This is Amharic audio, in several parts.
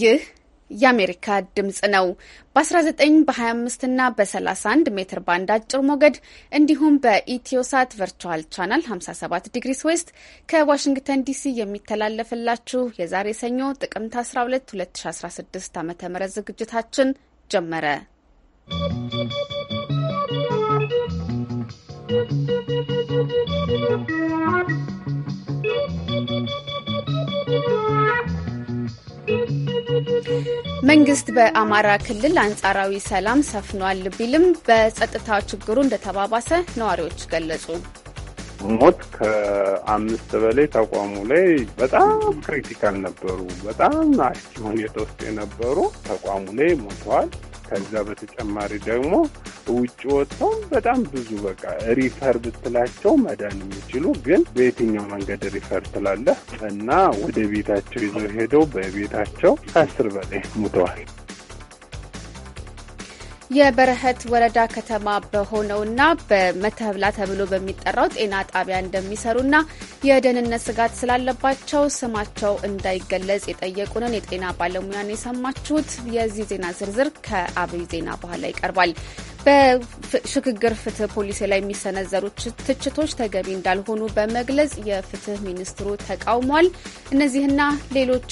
ይህ የአሜሪካ ድምፅ ነው። በ19 በ25 እና በ31 ሜትር ባንድ አጭር ሞገድ እንዲሁም በኢትዮሳት ቨርቹዋል ቻናል 57 ዲግሪስ ዌስት ከዋሽንግተን ዲሲ የሚተላለፍላችሁ የዛሬ ሰኞ ጥቅምት 12 2016 ዓ ም ዝግጅታችን ጀመረ። ¶¶ መንግስት በአማራ ክልል አንጻራዊ ሰላም ሰፍኗል ቢልም በጸጥታ ችግሩ እንደተባባሰ ነዋሪዎች ገለጹ። ሞት ከአምስት በላይ ተቋሙ ላይ በጣም ክሪቲካል ነበሩ። በጣም አስኪ ሁኔታ ውስጥ የነበሩ ተቋሙ ላይ ሞተዋል። ከዛ በተጨማሪ ደግሞ ውጭ ወጥተው በጣም ብዙ በቃ ሪፈር ብትላቸው መዳን የሚችሉ ግን በየትኛው መንገድ ሪፈር ትላለህ እና ወደ ቤታቸው ይዘው ሄደው በቤታቸው ከአስር በላይ ሙተዋል። የበረሀት ወረዳ ከተማ በሆነውና በመተብላ ተብሎ በሚጠራው ጤና ጣቢያ እንደሚሰሩና የደህንነት ስጋት ስላለባቸው ስማቸው እንዳይገለጽ የጠየቁንን የጤና ባለሙያን የሰማችሁት። የዚህ ዜና ዝርዝር ከአብይ ዜና በኋላ ይቀርባል። በሽግግር ፍትህ ፖሊሲ ላይ የሚሰነዘሩ ትችቶች ተገቢ እንዳልሆኑ በመግለጽ የፍትህ ሚኒስትሩ ተቃውሟል። እነዚህና ሌሎች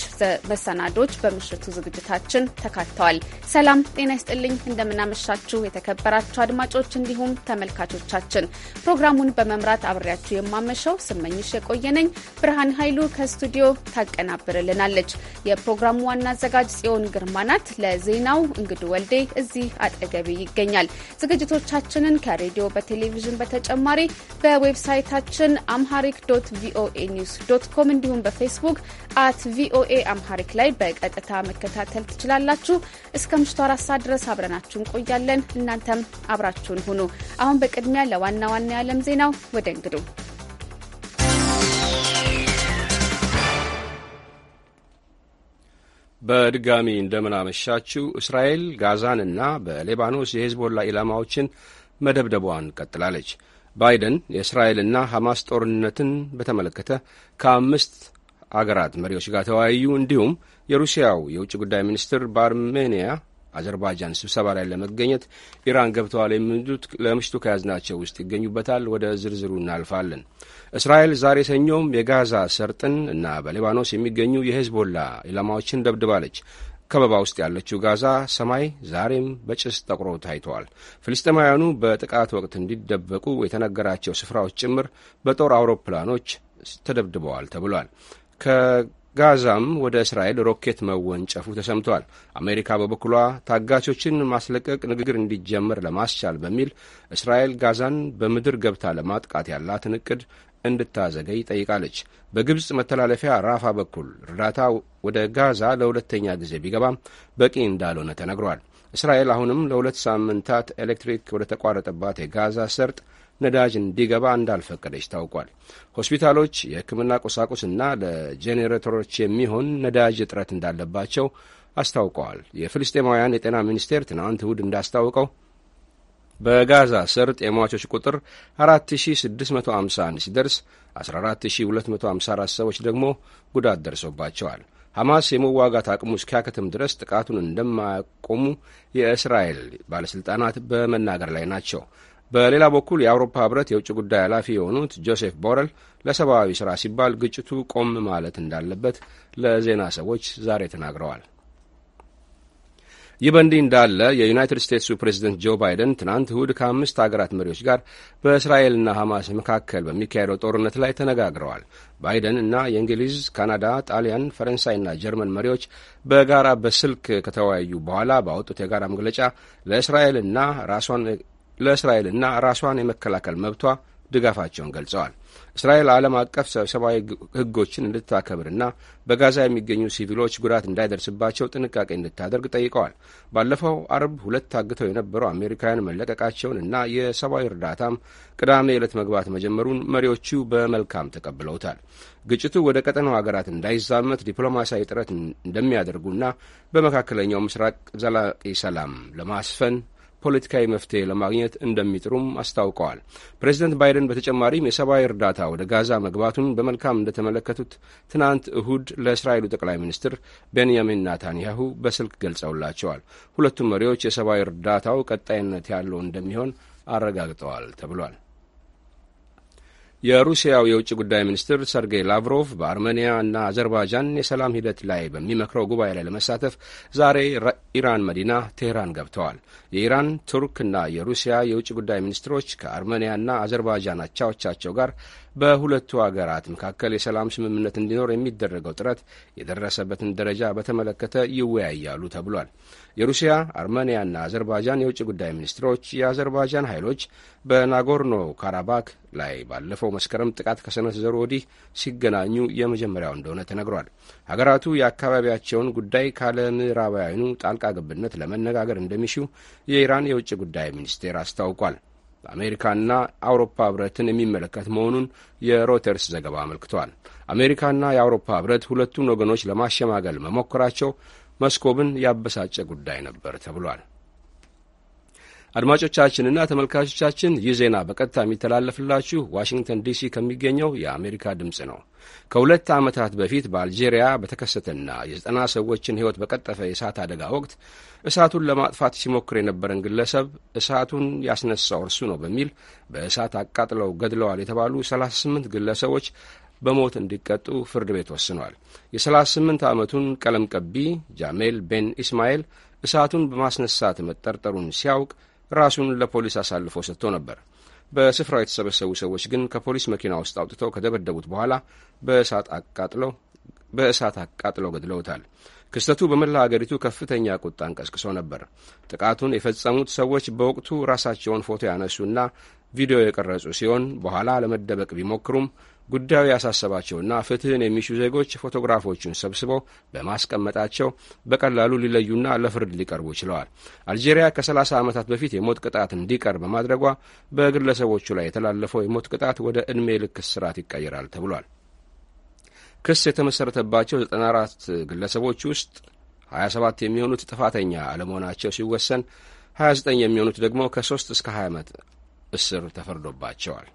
መሰናዶች በምሽቱ ዝግጅታችን ተካተዋል። ሰላም ጤና ይስጥልኝ። እንደምናመሻችሁ የተከበራችሁ አድማጮች እንዲሁም ተመልካቾቻችን፣ ፕሮግራሙን በመምራት አብሬያችሁ የማመሸው ስመኝሽ የቆየነኝ ብርሃን ኃይሉ ከስቱዲዮ ታቀናብርልናለች። የፕሮግራሙ ዋና አዘጋጅ ጽዮን ግርማ ናት። ለዜናው እንግዱ ወልዴ እዚህ አጠገቤ ይገኛል። ዝግጅቶቻችንን ከሬዲዮ በቴሌቪዥን በተጨማሪ በዌብሳይታችን አምሃሪክ ዶት ቪኦኤ ኒውስ ዶት ኮም እንዲሁም በፌስቡክ አት ቪኦኤ አምሃሪክ ላይ በቀጥታ መከታተል ትችላላችሁ። እስከ ምሽቱ አራት ሰዓት ድረስ አብረናችሁ እንቆያለን። እናንተም አብራችሁን ሁኑ። አሁን በቅድሚያ ለዋና ዋና የዓለም ዜናው ወደ እንግዱ በድጋሚ እንደምናመሻችው እስራኤል ጋዛንና በሌባኖስ የሄዝቦላ ኢላማዎችን መደብደቧን ቀጥላለች። ባይደን የእስራኤልና ሐማስ ጦርነትን በተመለከተ ከአምስት አገራት መሪዎች ጋር ተወያዩ። እንዲሁም የሩሲያው የውጭ ጉዳይ ሚኒስትር በአርሜንያ አዘርባጃን ስብሰባ ላይ ለመገኘት ኢራን ገብተዋል የሚሉት ለምሽቱ ከያዝናቸው ውስጥ ይገኙበታል። ወደ ዝርዝሩ እናልፋለን። እስራኤል ዛሬ ሰኞም የጋዛ ሰርጥን እና በሊባኖስ የሚገኙ የሄዝቦላ ኢላማዎችን ደብድባለች። ከበባ ውስጥ ያለችው ጋዛ ሰማይ ዛሬም በጭስ ጠቁሮ ታይተዋል። ፍልስጤማውያኑ በጥቃት ወቅት እንዲደበቁ የተነገራቸው ስፍራዎች ጭምር በጦር አውሮፕላኖች ተደብድበዋል ተብሏል። ጋዛም ወደ እስራኤል ሮኬት መወንጨፉ ተሰምቷል። አሜሪካ በበኩሏ ታጋቾችን ማስለቀቅ ንግግር እንዲጀመር ለማስቻል በሚል እስራኤል ጋዛን በምድር ገብታ ለማጥቃት ያላትን እቅድ እንድታዘገይ ጠይቃለች። በግብፅ መተላለፊያ ራፋ በኩል እርዳታ ወደ ጋዛ ለሁለተኛ ጊዜ ቢገባም በቂ እንዳልሆነ ተነግሯል። እስራኤል አሁንም ለሁለት ሳምንታት ኤሌክትሪክ ወደ ተቋረጠባት የጋዛ ሰርጥ ነዳጅ እንዲገባ እንዳልፈቀደች ታውቋል። ሆስፒታሎች የሕክምና ቁሳቁስና ለጄኔሬተሮች የሚሆን ነዳጅ እጥረት እንዳለባቸው አስታውቀዋል። የፍልስጤማውያን የጤና ሚኒስቴር ትናንት እሁድ እንዳስታውቀው በጋዛ ሰርጥ የሟቾች ቁጥር 4651 ሲደርስ 14254 ሰዎች ደግሞ ጉዳት ደርሶባቸዋል። ሐማስ የመዋጋት አቅሙ እስኪያከትም ድረስ ጥቃቱን እንደማያቆሙ የእስራኤል ባለሥልጣናት በመናገር ላይ ናቸው። በሌላ በኩል የአውሮፓ ህብረት የውጭ ጉዳይ ኃላፊ የሆኑት ጆሴፍ ቦረል ለሰብአዊ ሥራ ሲባል ግጭቱ ቆም ማለት እንዳለበት ለዜና ሰዎች ዛሬ ተናግረዋል። ይህ በእንዲህ እንዳለ የዩናይትድ ስቴትሱ ፕሬዝደንት ጆ ባይደን ትናንት እሁድ ከአምስት አገራት መሪዎች ጋር በእስራኤልና ሐማስ መካከል በሚካሄደው ጦርነት ላይ ተነጋግረዋል። ባይደን እና የእንግሊዝ፣ ካናዳ፣ ጣሊያን፣ ፈረንሳይና ጀርመን መሪዎች በጋራ በስልክ ከተወያዩ በኋላ ባወጡት የጋራ መግለጫ ለእስራኤልና ራሷን ለእስራኤልና ራሷን የመከላከል መብቷ ድጋፋቸውን ገልጸዋል። እስራኤል ዓለም አቀፍ ሰብአዊ ሕጎችን እንድታከብርና በጋዛ የሚገኙ ሲቪሎች ጉዳት እንዳይደርስባቸው ጥንቃቄ እንድታደርግ ጠይቀዋል። ባለፈው አርብ ሁለት ታግተው የነበሩ አሜሪካውያን መለቀቃቸውን እና የሰብአዊ እርዳታም ቅዳሜ ዕለት መግባት መጀመሩን መሪዎቹ በመልካም ተቀብለውታል። ግጭቱ ወደ ቀጠናው ሀገራት እንዳይዛመት ዲፕሎማሲያዊ ጥረት እንደሚያደርጉና በመካከለኛው ምስራቅ ዘላቂ ሰላም ለማስፈን ፖለቲካዊ መፍትሄ ለማግኘት እንደሚጥሩም አስታውቀዋል። ፕሬዚደንት ባይደን በተጨማሪም የሰብአዊ እርዳታ ወደ ጋዛ መግባቱን በመልካም እንደተመለከቱት ትናንት እሁድ ለእስራኤሉ ጠቅላይ ሚኒስትር ቤንያሚን ናታንያሁ በስልክ ገልጸውላቸዋል። ሁለቱም መሪዎች የሰብአዊ እርዳታው ቀጣይነት ያለው እንደሚሆን አረጋግጠዋል ተብሏል። የሩሲያው የውጭ ጉዳይ ሚኒስትር ሰርጌይ ላቭሮቭ በአርሜንያ እና አዘርባይጃን የሰላም ሂደት ላይ በሚመክረው ጉባኤ ላይ ለመሳተፍ ዛሬ ኢራን መዲና ቴህራን ገብተዋል። የኢራን ቱርክ እና የሩሲያ የውጭ ጉዳይ ሚኒስትሮች ከአርሜንያና አዘርባጃን አቻዎቻቸው ጋር በሁለቱ አገራት መካከል የሰላም ስምምነት እንዲኖር የሚደረገው ጥረት የደረሰበትን ደረጃ በተመለከተ ይወያያሉ ተብሏል። የሩሲያ አርሜንያና አዘርባይጃን የውጭ ጉዳይ ሚኒስትሮች የአዘርባይጃን ኃይሎች በናጎርኖ ካራባክ ላይ ባለፈው መስከረም ጥቃት ከሰነዘሩ ወዲህ ሲገናኙ የመጀመሪያው እንደሆነ ተነግሯል። ሀገራቱ የአካባቢያቸውን ጉዳይ ካለ ምዕራባውያኑ ጣልቃ ገብነት ለመነጋገር እንደሚሹ የኢራን የውጭ ጉዳይ ሚኒስቴር አስታውቋል። አሜሪካና አውሮፓ ህብረትን የሚመለከት መሆኑን የሮይተርስ ዘገባ አመልክቷል። አሜሪካና የአውሮፓ ህብረት ሁለቱን ወገኖች ለማሸማገል መሞከራቸው መስኮብን ያበሳጨ ጉዳይ ነበር ተብሏል። አድማጮቻችንና ተመልካቾቻችን ይህ ዜና በቀጥታ የሚተላለፍላችሁ ዋሽንግተን ዲሲ ከሚገኘው የአሜሪካ ድምፅ ነው። ከሁለት ዓመታት በፊት በአልጄሪያ በተከሰተና የዘጠና ሰዎችን ሕይወት በቀጠፈ የእሳት አደጋ ወቅት እሳቱን ለማጥፋት ሲሞክር የነበረን ግለሰብ እሳቱን ያስነሳው እርሱ ነው በሚል በእሳት አቃጥለው ገድለዋል የተባሉ 38 ግለሰቦች በሞት እንዲቀጡ ፍርድ ቤት ወስኗል። የ38 ዓመቱን ቀለም ቀቢ ጃሜል ቤን ኢስማኤል እሳቱን በማስነሳት መጠርጠሩን ሲያውቅ ራሱን ለፖሊስ አሳልፎ ሰጥቶ ነበር። በስፍራው የተሰበሰቡ ሰዎች ግን ከፖሊስ መኪና ውስጥ አውጥተው ከደበደቡት በኋላ በእሳት አቃጥለው ገድለውታል። ክስተቱ በመላ አገሪቱ ከፍተኛ ቁጣን ቀስቅሶ ነበር። ጥቃቱን የፈጸሙት ሰዎች በወቅቱ ራሳቸውን ፎቶ ያነሱና ቪዲዮ የቀረጹ ሲሆን በኋላ ለመደበቅ ቢሞክሩም ጉዳዩ ያሳሰባቸውና ፍትህን የሚሹ ዜጎች ፎቶግራፎቹን ሰብስበው በማስቀመጣቸው በቀላሉ ሊለዩና ለፍርድ ሊቀርቡ ችለዋል። አልጄሪያ ከ30 ዓመታት በፊት የሞት ቅጣት እንዲቀር በማድረጓ በግለሰቦቹ ላይ የተላለፈው የሞት ቅጣት ወደ ዕድሜ ልክ እስራት ይቀየራል ተብሏል። ክስ የተመሠረተባቸው 94 ግለሰቦች ውስጥ 27 የሚሆኑት ጥፋተኛ አለመሆናቸው ሲወሰን 29 የሚሆኑት ደግሞ ከ3 እስከ 20 ዓመት እስር ተፈርዶባቸዋል።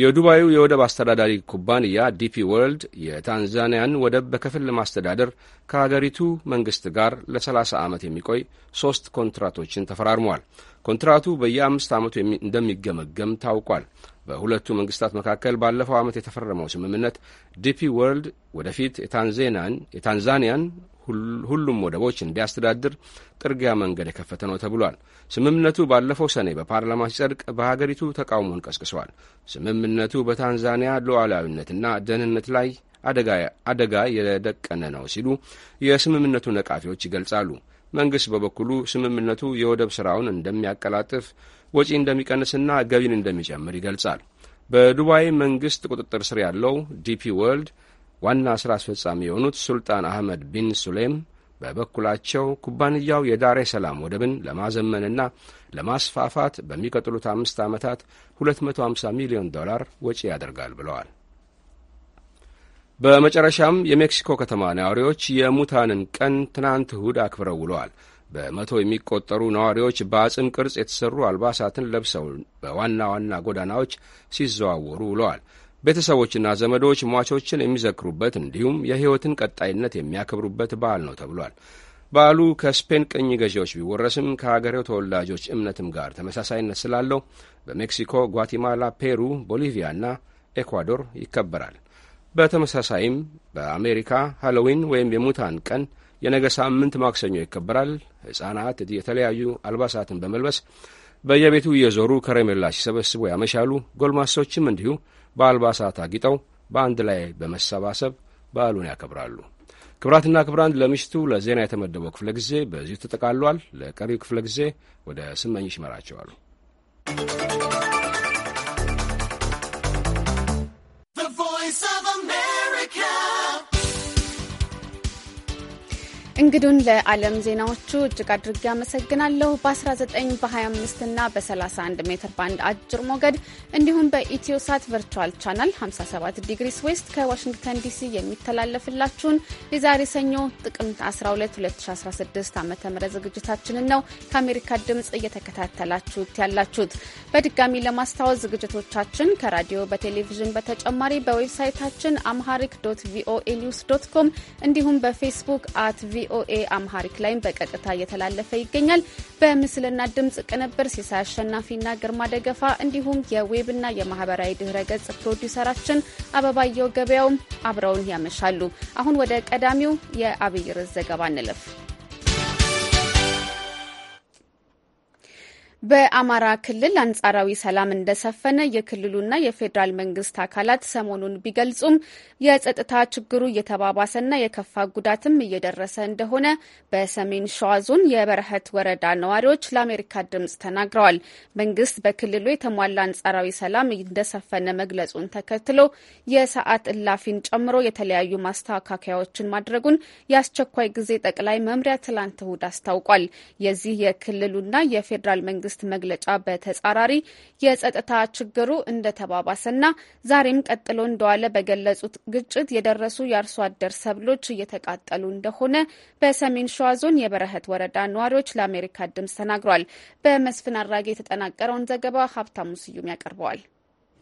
የዱባዩ የወደብ አስተዳዳሪ ኩባንያ ዲፒ ወርልድ የታንዛኒያን ወደብ በከፊል ለማስተዳደር ከሀገሪቱ መንግስት ጋር ለ30 ዓመት የሚቆይ ሶስት ኮንትራቶችን ተፈራርሟል። ኮንትራቱ በየአምስት ዓመቱ እንደሚገመገም ታውቋል። በሁለቱ መንግስታት መካከል ባለፈው ዓመት የተፈረመው ስምምነት ዲፒ ወርልድ ወደፊት የታንዛኒያን ሁሉም ወደቦች እንዲያስተዳድር ጥርጊያ መንገድ የከፈተ ነው ተብሏል። ስምምነቱ ባለፈው ሰኔ በፓርላማ ሲጸድቅ በሀገሪቱ ተቃውሞን ቀስቅሷል። ስምምነቱ በታንዛኒያ ሉዓላዊነትና ደህንነት ላይ አደጋ የደቀነ ነው ሲሉ የስምምነቱ ነቃፊዎች ይገልጻሉ። መንግሥት በበኩሉ ስምምነቱ የወደብ ሥራውን እንደሚያቀላጥፍ፣ ወጪ እንደሚቀንስና ገቢን እንደሚጨምር ይገልጻል። በዱባይ መንግሥት ቁጥጥር ስር ያለው ዲፒ ወርልድ ዋና ሥራ አስፈጻሚ የሆኑት ሱልጣን አህመድ ቢን ሱሌም በበኩላቸው ኩባንያው የዳሬ ሰላም ወደብን ለማዘመንና ለማስፋፋት በሚቀጥሉት አምስት ዓመታት 250 ሚሊዮን ዶላር ወጪ ያደርጋል ብለዋል። በመጨረሻም የሜክሲኮ ከተማ ነዋሪዎች የሙታንን ቀን ትናንት እሁድ አክብረው ውለዋል። በመቶ የሚቆጠሩ ነዋሪዎች በአጽም ቅርጽ የተሠሩ አልባሳትን ለብሰው በዋና ዋና ጎዳናዎች ሲዘዋወሩ ውለዋል። ቤተሰቦችና ዘመዶች ሟቾችን የሚዘክሩበት እንዲሁም የሕይወትን ቀጣይነት የሚያከብሩበት በዓል ነው ተብሏል። በዓሉ ከስፔን ቅኝ ገዢዎች ቢወረስም ከአገሬው ተወላጆች እምነትም ጋር ተመሳሳይነት ስላለው በሜክሲኮ፣ ጓቲማላ፣ ፔሩ፣ ቦሊቪያና ኤኳዶር ይከበራል። በተመሳሳይም በአሜሪካ ሃሎዊን ወይም የሙታን ቀን የነገ ሳምንት ማክሰኞ ይከበራል። ሕፃናት የተለያዩ አልባሳትን በመልበስ በየቤቱ እየዞሩ ከረሜላ ሲሰበስቡ ያመሻሉ። ጎልማሶችም እንዲሁ በአልባሳት አጊጠው በአንድ ላይ በመሰባሰብ በዓሉን ያከብራሉ። ክብራትና ክብራን ለምሽቱ ለዜና የተመደበው ክፍለ ጊዜ በዚሁ ተጠቃሏል። ለቀሪው ክፍለ ጊዜ ወደ ስመኝሽ ይመራቸዋል። እንግዱን ለዓለም ዜናዎቹ እጅግ አድርጌ አመሰግናለሁ። በ19 በ25 እና በ31 ሜትር ባንድ አጭር ሞገድ እንዲሁም በኢትዮሳት ቨርቹዋል ቻናል 57 ዲግሪስ ዌስት ከዋሽንግተን ዲሲ የሚተላለፍላችሁን የዛሬ ሰኞ ጥቅምት 12 2016 ዓ ም ዝግጅታችንን ነው ከአሜሪካ ድምፅ እየተከታተላችሁት ያላችሁት። በድጋሚ ለማስታወስ ዝግጅቶቻችን ከራዲዮ በቴሌቪዥን በተጨማሪ በዌብሳይታችን አምሃሪክ ዶት ቪኦኤ ኒውስ ዶት ኮም እንዲሁም በፌስቡክ አት ቪ ቪኦኤ አምሃሪክ ላይም በቀጥታ እየተላለፈ ይገኛል። በምስልና ድምጽ ቅንብር ሲሳይ አሸናፊና ግርማ ደገፋ እንዲሁም የዌብና የማህበራዊ ድህረ ገጽ ፕሮዲውሰራችን አበባየው ገበያውም አብረውን ያመሻሉ። አሁን ወደ ቀዳሚው የአብይርስ ዘገባ እንለፍ። በአማራ ክልል አንጻራዊ ሰላም እንደሰፈነ የክልሉና የፌዴራል መንግስት አካላት ሰሞኑን ቢገልጹም የጸጥታ ችግሩ እየተባባሰና የከፋ ጉዳትም እየደረሰ እንደሆነ በሰሜን ሸዋ ዞን የበረሀት ወረዳ ነዋሪዎች ለአሜሪካ ድምጽ ተናግረዋል። መንግስት በክልሉ የተሟላ አንጻራዊ ሰላም እንደሰፈነ መግለጹን ተከትሎ የሰዓት እላፊን ጨምሮ የተለያዩ ማስተካከያዎችን ማድረጉን የአስቸኳይ ጊዜ ጠቅላይ መምሪያ ትላንት እሁድ አስታውቋል። የዚህ የክልሉና የፌዴራል መንግስት መንግስት መግለጫ በተጻራሪ የጸጥታ ችግሩ እንደተባባሰና ዛሬም ቀጥሎ እንደዋለ በገለጹት ግጭት የደረሱ የአርሶ አደር ሰብሎች እየተቃጠሉ እንደሆነ በሰሜን ሸዋ ዞን የበረሀት ወረዳ ነዋሪዎች ለአሜሪካ ድምጽ ተናግሯል። በመስፍን አራጌ የተጠናቀረውን ዘገባ ሀብታሙ ስዩም ያቀርበዋል።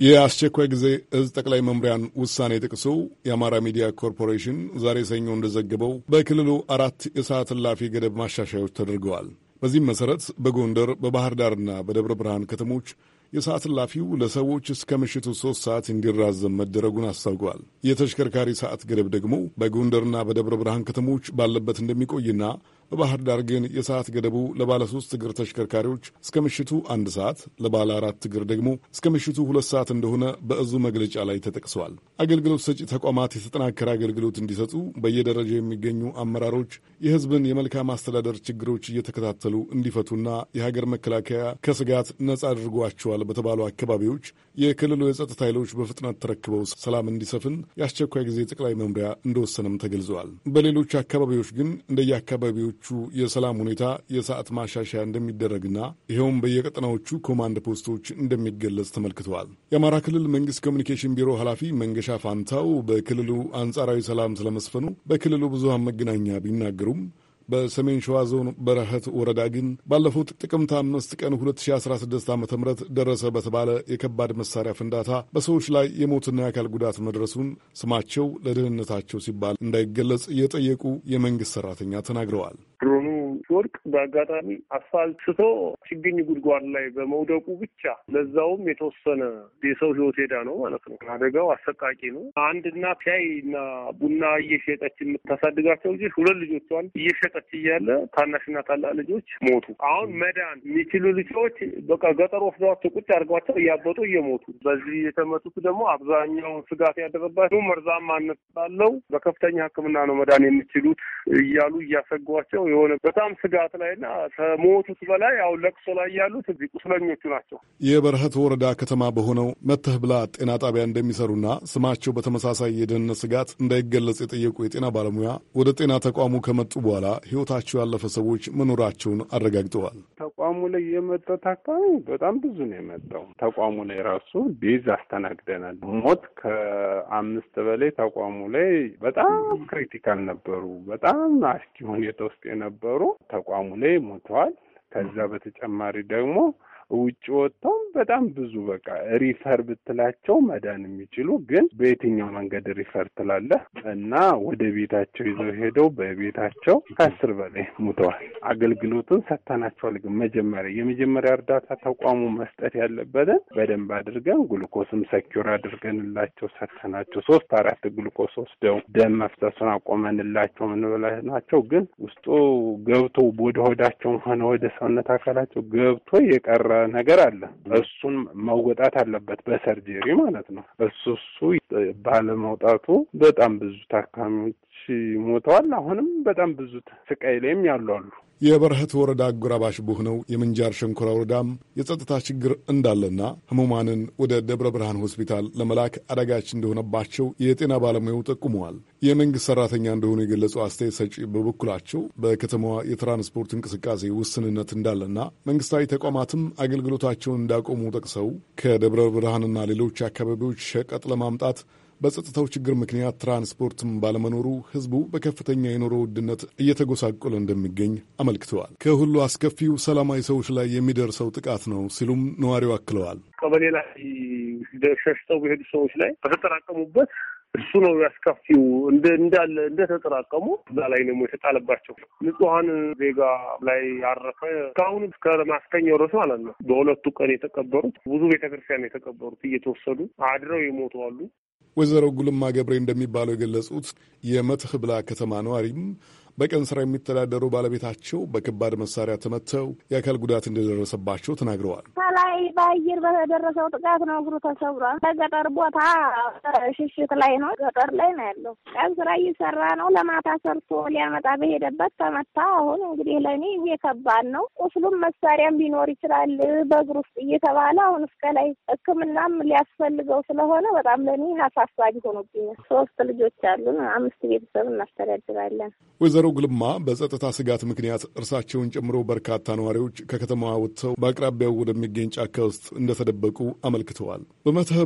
የአስቸኳይ ጊዜ እዝ ጠቅላይ መምሪያን ውሳኔ ጥቅሱ የአማራ ሚዲያ ኮርፖሬሽን ዛሬ ሰኞ እንደዘገበው በክልሉ አራት የሰዓት እላፊ ገደብ ማሻሻዮች ተደርገዋል። በዚህም መሠረት በጎንደር በባህር ዳርና በደብረ ብርሃን ከተሞች የሰዓት እላፊው ለሰዎች እስከ ምሽቱ ሦስት ሰዓት እንዲራዘም መደረጉን አስታውቀዋል። የተሽከርካሪ ሰዓት ገደብ ደግሞ በጎንደርና በደብረ ብርሃን ከተሞች ባለበት እንደሚቆይና በባህር ዳር ግን የሰዓት ገደቡ ለባለ ሶስት እግር ተሽከርካሪዎች እስከ ምሽቱ አንድ ሰዓት፣ ለባለ አራት እግር ደግሞ እስከ ምሽቱ ሁለት ሰዓት እንደሆነ በእዙ መግለጫ ላይ ተጠቅሰዋል። አገልግሎት ሰጪ ተቋማት የተጠናከረ አገልግሎት እንዲሰጡ በየደረጃው የሚገኙ አመራሮች የህዝብን የመልካም አስተዳደር ችግሮች እየተከታተሉ እንዲፈቱና የሀገር መከላከያ ከስጋት ነጻ አድርጓቸዋል በተባሉ አካባቢዎች የክልሉ የጸጥታ ኃይሎች በፍጥነት ተረክበው ሰላም እንዲሰፍን የአስቸኳይ ጊዜ ጠቅላይ መምሪያ እንደወሰነም ተገልጸዋል። በሌሎች አካባቢዎች ግን እንደየአካባቢዎች በየቀጠናዎቹ የሰላም ሁኔታ የሰዓት ማሻሻያ እንደሚደረግና ይኸውም በየቀጠናዎቹ ኮማንድ ፖስቶች እንደሚገለጽ ተመልክተዋል። የአማራ ክልል መንግስት ኮሚኒኬሽን ቢሮ ኃላፊ መንገሻ ፋንታው በክልሉ አንጻራዊ ሰላም ስለመስፈኑ በክልሉ ብዙሃን መገናኛ ቢናገሩም በሰሜን ሸዋ ዞን በረኸት ወረዳ ግን ባለፉት ጥቅምት አምስት ቀን 2016 ዓ ም ደረሰ በተባለ የከባድ መሳሪያ ፍንዳታ በሰዎች ላይ የሞትና የአካል ጉዳት መድረሱን ስማቸው ለደህንነታቸው ሲባል እንዳይገለጽ የጠየቁ የመንግሥት ሠራተኛ ተናግረዋል። ድሮኑ ሲወድቅ በአጋጣሚ አስፋልት ስቶ ችግኝ ጉድጓድ ላይ በመውደቁ ብቻ ለዛውም የተወሰነ የሰው ህይወት ሄዳ ነው ማለት ነው። አደጋው አሰቃቂ ነው። አንድ እናት ሻይ እና ቡና እየሸጠች የምታሳድጋቸው ልጆች ሁለት ልጆቿን እየሸጠች እያለ ታናሽና ታላቅ ልጆች ሞቱ። አሁን መዳን የሚችሉ ልጆች በቃ ገጠር ወስደዋቸው ቁጭ አድርገዋቸው እያበጡ እየሞቱ በዚህ የተመቱት ደግሞ አብዛኛውን ስጋት ያደረባቸው መርዛማነት ባለው በከፍተኛ ሕክምና ነው መዳን የሚችሉት እያሉ እያሰጓቸው የሆነ በጣም ስጋት ላይና ከሞቱት በላይ አሁን ለቅሶ ላይ ያሉት እዚህ ቁስለኞቹ ናቸው። የበረሀት ወረዳ ከተማ በሆነው መተህ ብላ ጤና ጣቢያ እንደሚሰሩና ስማቸው በተመሳሳይ የደህንነት ስጋት እንዳይገለጽ የጠየቁ የጤና ባለሙያ ወደ ጤና ተቋሙ ከመጡ በኋላ ህይወታቸው ያለፈ ሰዎች መኖራቸውን አረጋግጠዋል። ተቋሙ ላይ የመጠው ታካሚ በጣም ብዙ ነው የመጣው። ተቋሙ ላይ ራሱ ቤዝ አስተናግደናል። ሞት ከአምስት በላይ ተቋሙ ላይ በጣም ክሪቲካል ነበሩ። በጣም አስኪ ሁኔታ ውስጥ የነበሩ ተቋሙ ላይ ሞተዋል። ከዛ በተጨማሪ ደግሞ ውጭ ወጥተው በጣም ብዙ በቃ ሪፈር ብትላቸው መዳን የሚችሉ ግን በየትኛው መንገድ ሪፈር ትላለህ እና ወደ ቤታቸው ይዘው ሄደው በቤታቸው ከአስር በላይ ሙተዋል። አገልግሎቱን ሰጥተናቸዋል። ግን መጀመሪያ የመጀመሪያ እርዳታ ተቋሙ መስጠት ያለበትን በደንብ አድርገን ግሉኮስም ሰኪር አድርገንላቸው ሰጥተናቸው ሶስት አራት ግሉኮስ ወስደው ደም መፍሰሱን አቆመንላቸው ምንበላናቸው ግን ውስጡ ገብቶ ወደ ሆዳቸው ሆነ ወደ ሰውነት አካላቸው ገብቶ የቀረ የሚባል ነገር አለ። እሱን መወጣት አለበት በሰርጀሪ ማለት ነው። እሱ እሱ ባለመውጣቱ በጣም ብዙ ታካሚዎች ሞተዋል። አሁንም በጣም ብዙ ስቃይ ላይም ያሉ አሉ። የበረኸት ወረዳ አጎራባሽ በሆነው የምንጃር ሸንኮራ ወረዳም የጸጥታ ችግር እንዳለና ህሙማንን ወደ ደብረ ብርሃን ሆስፒታል ለመላክ አዳጋች እንደሆነባቸው የጤና ባለሙያው ጠቁመዋል። የመንግሥት ሠራተኛ እንደሆኑ የገለጹ አስተያየት ሰጪ በበኩላቸው በከተማዋ የትራንስፖርት እንቅስቃሴ ውስንነት እንዳለና መንግሥታዊ ተቋማትም አገልግሎታቸውን እንዳቆሙ ጠቅሰው ከደብረ ብርሃንና ሌሎች አካባቢዎች ሸቀጥ ለማምጣት በጸጥታው ችግር ምክንያት ትራንስፖርትም ባለመኖሩ ህዝቡ በከፍተኛ የኑሮ ውድነት እየተጎሳቆለ እንደሚገኝ አመልክተዋል። ከሁሉ አስከፊው ሰላማዊ ሰዎች ላይ የሚደርሰው ጥቃት ነው ሲሉም ነዋሪው አክለዋል። ቀበሌ ላይ ሸሽተው በሄዱ ሰዎች ላይ በተጠራቀሙበት እሱ ነው ያስከፊው። እንዳለ እንደተጠራቀሙ እዛ ላይ ደግሞ የተጣለባቸው ንጹሐን ዜጋ ላይ ያረፈ እስካሁን እስከ ማስከኛ ድረስ ማለት ነው። በሁለቱ ቀን የተቀበሩት ብዙ ቤተክርስቲያን የተቀበሩት እየተወሰዱ አድረው የሞቱ አሉ። ወይዘሮ ጉልማ ገብሬ እንደሚባለው የገለጹት የመትህብላ ከተማ ነዋሪም በቀን ስራ የሚተዳደሩ ባለቤታቸው በከባድ መሳሪያ ተመተው የአካል ጉዳት እንደደረሰባቸው ተናግረዋል። ከላይ በአየር በተደረሰው ጥቃት ነው እግሩ ተሰብሯል። በገጠር ቦታ ሽሽት ላይ ነው፣ ገጠር ላይ ነው ያለው። ቀን ስራ እየሰራ ነው። ለማታ ሰርቶ ሊያመጣ በሄደበት ተመታ። አሁን እንግዲህ ለእኔ እየከባን ነው። ቁስሉም መሳሪያም ቢኖር ይችላል በእግር ውስጥ እየተባለ አሁን እስከ ላይ ሕክምናም ሊያስፈልገው ስለሆነ በጣም ለእኔ አሳሳቢ ሆኖብኛል። ሶስት ልጆች አሉን፣ አምስት ቤተሰብ እናስተዳድራለን። ወይዘሮ ወይዘሮ ግልማ በጸጥታ ስጋት ምክንያት እርሳቸውን ጨምሮ በርካታ ነዋሪዎች ከከተማዋ ወጥተው በአቅራቢያው ወደሚገኝ ጫካ ውስጥ እንደተደበቁ አመልክተዋል።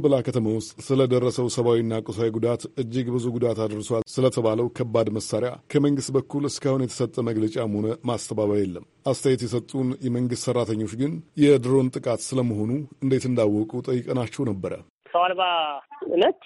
ብላ ከተማ ውስጥ ስለደረሰው ሰብአዊና ቁሳዊ ጉዳት እጅግ ብዙ ጉዳት አድርሷል ስለተባለው ከባድ መሳሪያ ከመንግስት በኩል እስካሁን የተሰጠ መግለጫም ሆነ ማስተባበያ የለም። አስተያየት የሰጡን የመንግስት ሰራተኞች ግን የድሮን ጥቃት ስለመሆኑ እንዴት እንዳወቁ ጠይቀናቸው ነበረ። ሰው አልባ ነች።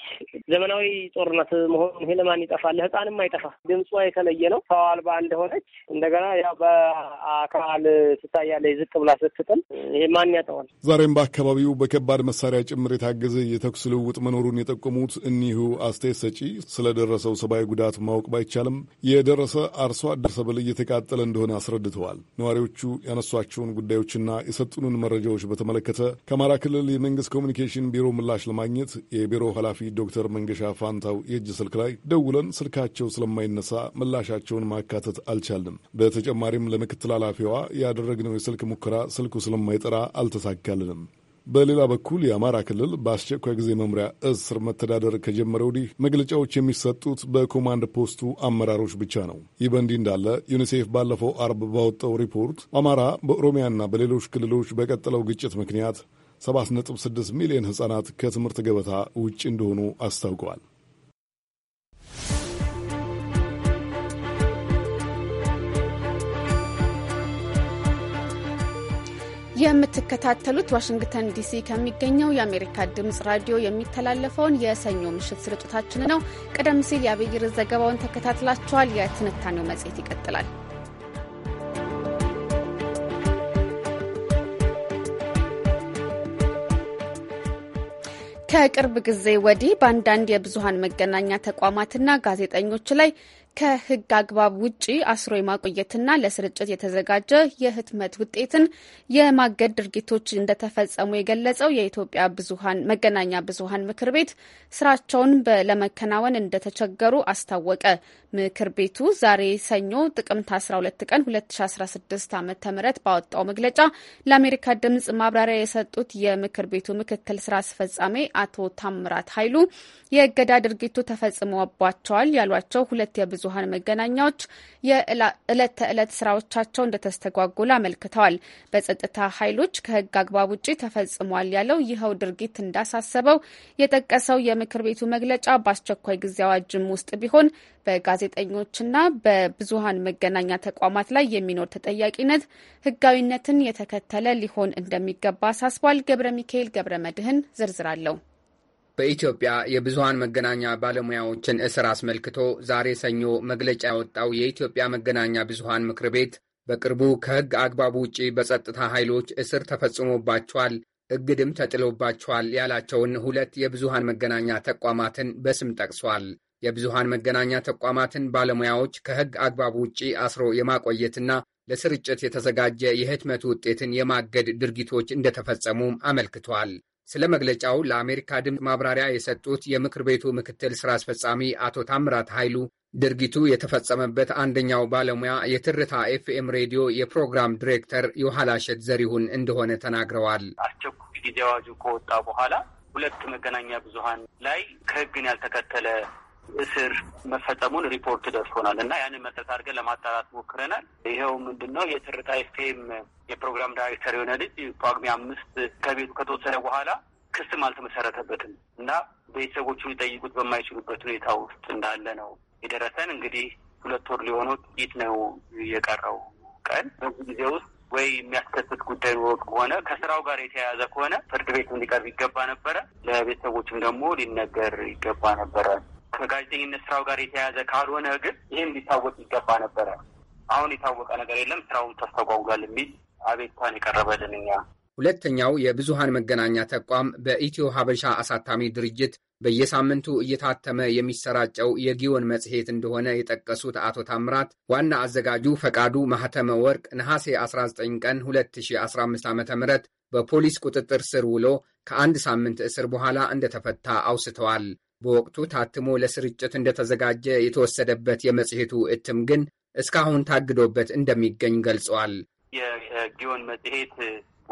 ዘመናዊ ጦርነት መሆኑን ይሄ ለማን ይጠፋል? ለህፃንም አይጠፋ። ድምጿ የተለየ ነው። ሰው አልባ እንደሆነች እንደገና ያው በአካል ትታያለች፣ ዝቅ ብላ ስትጥል። ይሄ ማን ያጠዋል? ዛሬም በአካባቢው በከባድ መሳሪያ ጭምር የታገዘ የተኩስ ልውውጥ መኖሩን የጠቆሙት እኒሁ አስተያየት ሰጪ ስለደረሰው ሰብአዊ ጉዳት ማወቅ ባይቻልም የደረሰ አርሶ አደር ሰብል እየተቃጠለ እንደሆነ አስረድተዋል። ነዋሪዎቹ ያነሷቸውን ጉዳዮችና የሰጡንን መረጃዎች በተመለከተ ከአማራ ክልል የመንግስት ኮሚኒኬሽን ቢሮ ምላሽ ለማግኘት የቢሮ ኃላፊ ዶክተር መንገሻ ፋንታው የእጅ ስልክ ላይ ደውለን ስልካቸው ስለማይነሳ ምላሻቸውን ማካተት አልቻልንም። በተጨማሪም ለምክትል ኃላፊዋ ያደረግነው የስልክ ሙከራ ስልኩ ስለማይጠራ አልተሳካልንም። በሌላ በኩል የአማራ ክልል በአስቸኳይ ጊዜ መምሪያ እስር መተዳደር ከጀመረ ወዲህ መግለጫዎች የሚሰጡት በኮማንድ ፖስቱ አመራሮች ብቻ ነው። ይህ በእንዲህ እንዳለ ዩኒሴፍ ባለፈው አርብ ባወጣው ሪፖርት አማራ በኦሮሚያና በሌሎች ክልሎች በቀጠለው ግጭት ምክንያት 7.6 ሚሊዮን ሕፃናት ከትምህርት ገበታ ውጭ እንደሆኑ አስታውቀዋል። የምትከታተሉት ዋሽንግተን ዲሲ ከሚገኘው የአሜሪካ ድምጽ ራዲዮ የሚተላለፈውን የሰኞ ምሽት ስርጭታችን ነው። ቀደም ሲል የአብይር ዘገባውን ተከታትላችኋል። የትንታኔው መጽሔት ይቀጥላል። ከቅርብ ጊዜ ወዲህ በአንዳንድ የብዙሀን መገናኛ ተቋማትና ጋዜጠኞች ላይ ከህግ አግባብ ውጪ አስሮ የማቆየትና ለስርጭት የተዘጋጀ የህትመት ውጤትን የማገድ ድርጊቶች እንደተፈጸሙ የገለጸው የኢትዮጵያ ብዙሀን መገናኛ ብዙሃን ምክር ቤት ስራቸውን ለመከናወን እንደተቸገሩ አስታወቀ። ምክር ቤቱ ዛሬ ሰኞ ጥቅምት 12 ቀን 2016 ዓ ም ባወጣው መግለጫ ለአሜሪካ ድምጽ ማብራሪያ የሰጡት የምክር ቤቱ ምክትል ስራ አስፈጻሚ አቶ ታምራት ኃይሉ የእገዳ ድርጊቱ ተፈጽሞባቸዋል ያሏቸው ሁለት የብዙ ብዙሀን መገናኛዎች የዕለት ተዕለት ስራዎቻቸው እንደተስተጓጎለ አመልክተዋል። በጸጥታ ኃይሎች ከህግ አግባብ ውጭ ተፈጽሟል ያለው ይኸው ድርጊት እንዳሳሰበው የጠቀሰው የምክር ቤቱ መግለጫ በአስቸኳይ ጊዜ አዋጅም ውስጥ ቢሆን በጋዜጠኞችና በብዙሀን መገናኛ ተቋማት ላይ የሚኖር ተጠያቂነት ህጋዊነትን የተከተለ ሊሆን እንደሚገባ አሳስቧል። ገብረ ሚካኤል ገብረ መድህን ዝርዝራለሁ በኢትዮጵያ የብዙሃን መገናኛ ባለሙያዎችን እስር አስመልክቶ ዛሬ ሰኞ መግለጫ ያወጣው የኢትዮጵያ መገናኛ ብዙሃን ምክር ቤት በቅርቡ ከሕግ አግባቡ ውጪ በጸጥታ ኃይሎች እስር ተፈጽሞባቸዋል፣ እግድም ተጥሎባቸዋል ያላቸውን ሁለት የብዙሃን መገናኛ ተቋማትን በስም ጠቅሷል። የብዙሀን መገናኛ ተቋማትን ባለሙያዎች ከሕግ አግባቡ ውጪ አስሮ የማቆየትና ለስርጭት የተዘጋጀ የህትመት ውጤትን የማገድ ድርጊቶች እንደተፈጸሙም አመልክቷል። ስለ መግለጫው ለአሜሪካ ድምፅ ማብራሪያ የሰጡት የምክር ቤቱ ምክትል ስራ አስፈጻሚ አቶ ታምራት ኃይሉ ድርጊቱ የተፈጸመበት አንደኛው ባለሙያ የትርታ ኤፍኤም ሬዲዮ የፕሮግራም ዲሬክተር የኋላሸት ዘሪሁን እንደሆነ ተናግረዋል። አስቸኳይ ጊዜ አዋጁ ከወጣ በኋላ ሁለት መገናኛ ብዙሃን ላይ ከህግን ያልተከተለ እስር መፈጸሙን ሪፖርት ደርሶናል እና ያንን መሰረት አድርገን ለማጣራት ሞክረናል። ይኸው ምንድን ነው የትርታ ኤፍኤም የፕሮግራም ዳይሬክተር የሆነ ልጅ ጳጉሜ አምስት ከቤቱ ከተወሰደ በኋላ ክስም አልተመሰረተበትም እና ቤተሰቦቹ ሊጠይቁት በማይችሉበት ሁኔታ ውስጥ እንዳለ ነው የደረሰን። እንግዲህ ሁለት ወር ሊሆኑ ጥቂት ነው የቀረው ቀን በዚህ ጊዜ ውስጥ ወይ የሚያስከስት ጉዳይ ወቅ ከሆነ ከስራው ጋር የተያያዘ ከሆነ ፍርድ ቤት እንዲቀርብ ይገባ ነበረ። ለቤተሰቦችም ደግሞ ሊነገር ይገባ ነበረ። ከጋዜጠኝነት ስራው ጋር የተያያዘ ካልሆነ ግን ይህም ሊታወቅ ይገባ ነበረ። አሁን የታወቀ ነገር የለም፣ ስራውን ተስተጓጉሏል የሚል አቤቱታን የቀረበልን እኛ። ሁለተኛው የብዙሃን መገናኛ ተቋም በኢትዮ ሀበሻ አሳታሚ ድርጅት በየሳምንቱ እየታተመ የሚሰራጨው የጊዮን መጽሔት እንደሆነ የጠቀሱት አቶ ታምራት ዋና አዘጋጁ ፈቃዱ ማህተመ ወርቅ ነሐሴ 19 ቀን 2015 ዓ ም በፖሊስ ቁጥጥር ስር ውሎ ከአንድ ሳምንት እስር በኋላ እንደተፈታ አውስተዋል። በወቅቱ ታትሞ ለስርጭት እንደተዘጋጀ የተወሰደበት የመጽሔቱ እትም ግን እስካሁን ታግዶበት እንደሚገኝ ገልጸዋል። የጊዮን መጽሔት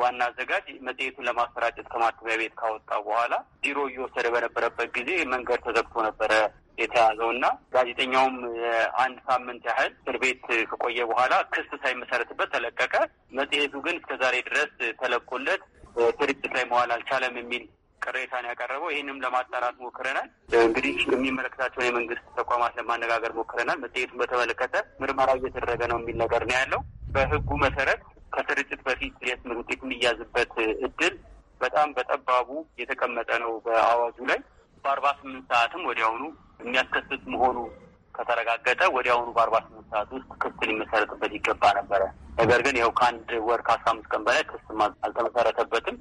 ዋና አዘጋጅ መጽሔቱን ለማሰራጨት ከማተሚያ ቤት ካወጣ በኋላ ቢሮ እየወሰደ በነበረበት ጊዜ መንገድ ተዘግቶ ነበረ የተያዘው እና ጋዜጠኛውም አንድ ሳምንት ያህል እስር ቤት ከቆየ በኋላ ክስ ሳይመሰረትበት ተለቀቀ። መጽሔቱ ግን እስከዛሬ ድረስ ተለቆለት ስርጭት ላይ መዋል አልቻለም የሚል ቅሬታን ያቀረበው። ይህንም ለማጣራት ሞክረናል። እንግዲህ የሚመለከታቸውን የመንግስት ተቋማት ለማነጋገር ሞክረናል። መጽሔቱን በተመለከተ ምርመራ እየተደረገ ነው የሚል ነገር ነው ያለው። በህጉ መሰረት ከስርጭት በፊት የስም ውጤት የሚያዝበት እድል በጣም በጠባቡ የተቀመጠ ነው በአዋጁ ላይ። በአርባ ስምንት ሰዓትም ወዲያውኑ የሚያስከስት መሆኑ ከተረጋገጠ ወዲያውኑ በአርባ ስምንት ሰዓት ውስጥ ክስ ሊመሰረትበት ይገባ ነበረ። ነገር ግን ያው ከአንድ ወር ከአስራ አምስት ቀን በላይ ክስ አልተመሰረተበትም።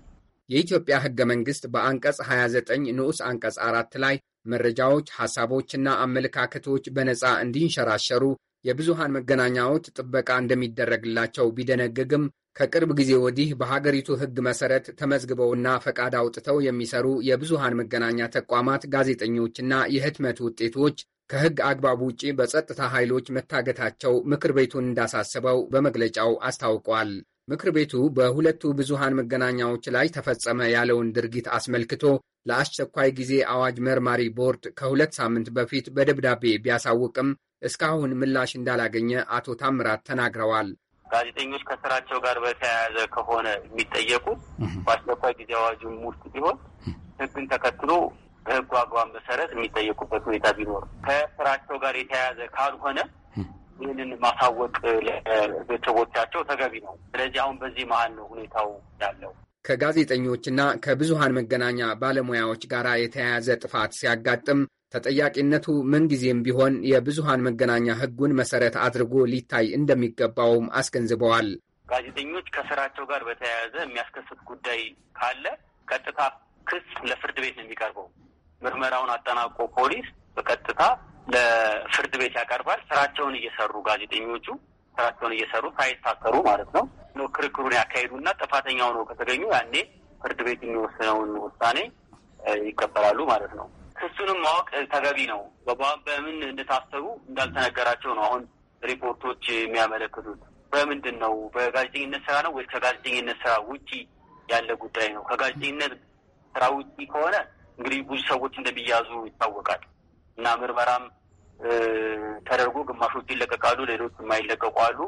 የኢትዮጵያ ሕገ መንግሥት በአንቀጽ 29 ንዑስ አንቀጽ አራት ላይ መረጃዎች፣ ሐሳቦችና አመለካከቶች በነፃ እንዲንሸራሸሩ የብዙሃን መገናኛዎች ጥበቃ እንደሚደረግላቸው ቢደነግግም ከቅርብ ጊዜ ወዲህ በሀገሪቱ ሕግ መሠረት ተመዝግበውና ፈቃድ አውጥተው የሚሰሩ የብዙሃን መገናኛ ተቋማት ጋዜጠኞችና የህትመት ውጤቶች ከሕግ አግባብ ውጪ በጸጥታ ኃይሎች መታገታቸው ምክር ቤቱን እንዳሳሰበው በመግለጫው አስታውቋል። ምክር ቤቱ በሁለቱ ብዙሃን መገናኛዎች ላይ ተፈጸመ ያለውን ድርጊት አስመልክቶ ለአስቸኳይ ጊዜ አዋጅ መርማሪ ቦርድ ከሁለት ሳምንት በፊት በደብዳቤ ቢያሳውቅም እስካሁን ምላሽ እንዳላገኘ አቶ ታምራት ተናግረዋል። ጋዜጠኞች ከስራቸው ጋር በተያያዘ ከሆነ የሚጠየቁት በአስቸኳይ ጊዜ አዋጁም ውስጥ ቢሆን ሕግን ተከትሎ በሕጉ አግባብ መሰረት የሚጠየቁበት ሁኔታ ቢኖር ከስራቸው ጋር የተያያዘ ካልሆነ ይህንን ማሳወቅ ለቤተሰቦቻቸው ተገቢ ነው። ስለዚህ አሁን በዚህ መሀል ነው ሁኔታው ያለው። ከጋዜጠኞችና ከብዙሃን መገናኛ ባለሙያዎች ጋር የተያያዘ ጥፋት ሲያጋጥም ተጠያቂነቱ ምንጊዜም ቢሆን የብዙሃን መገናኛ ሕጉን መሰረት አድርጎ ሊታይ እንደሚገባውም አስገንዝበዋል። ጋዜጠኞች ከስራቸው ጋር በተያያዘ የሚያስከስት ጉዳይ ካለ ቀጥታ ክስ ለፍርድ ቤት ነው የሚቀርበው። ምርመራውን አጠናቆ ፖሊስ በቀጥታ ለፍርድ ቤት ያቀርባል። ስራቸውን እየሰሩ ጋዜጠኞቹ ስራቸውን እየሰሩ ሳይታሰሩ ማለት ነው ክርክሩን እና ጥፋተኛ ሆነው ከተገኙ ያኔ ፍርድ ቤት የሚወስነውን ውሳኔ ይቀበላሉ ማለት ነው። ክሱንም ማወቅ ተገቢ ነው። በምን እንደታሰሩ እንዳልተነገራቸው ነው አሁን ሪፖርቶች የሚያመለክቱት። በምንድን ነው? በጋዜጠኝነት ስራ ነው ወይ ከጋዜጠኝነት ስራ ውጪ ያለ ጉዳይ ነው? ከጋዜጠኝነት ስራ ውጪ ከሆነ እንግዲህ ብዙ ሰዎች እንደሚያዙ ይታወቃል እና ምርመራም ተደርጎ ግማሾቹ ይለቀቃሉ፣ ሌሎች የማይለቀቁ አሉ።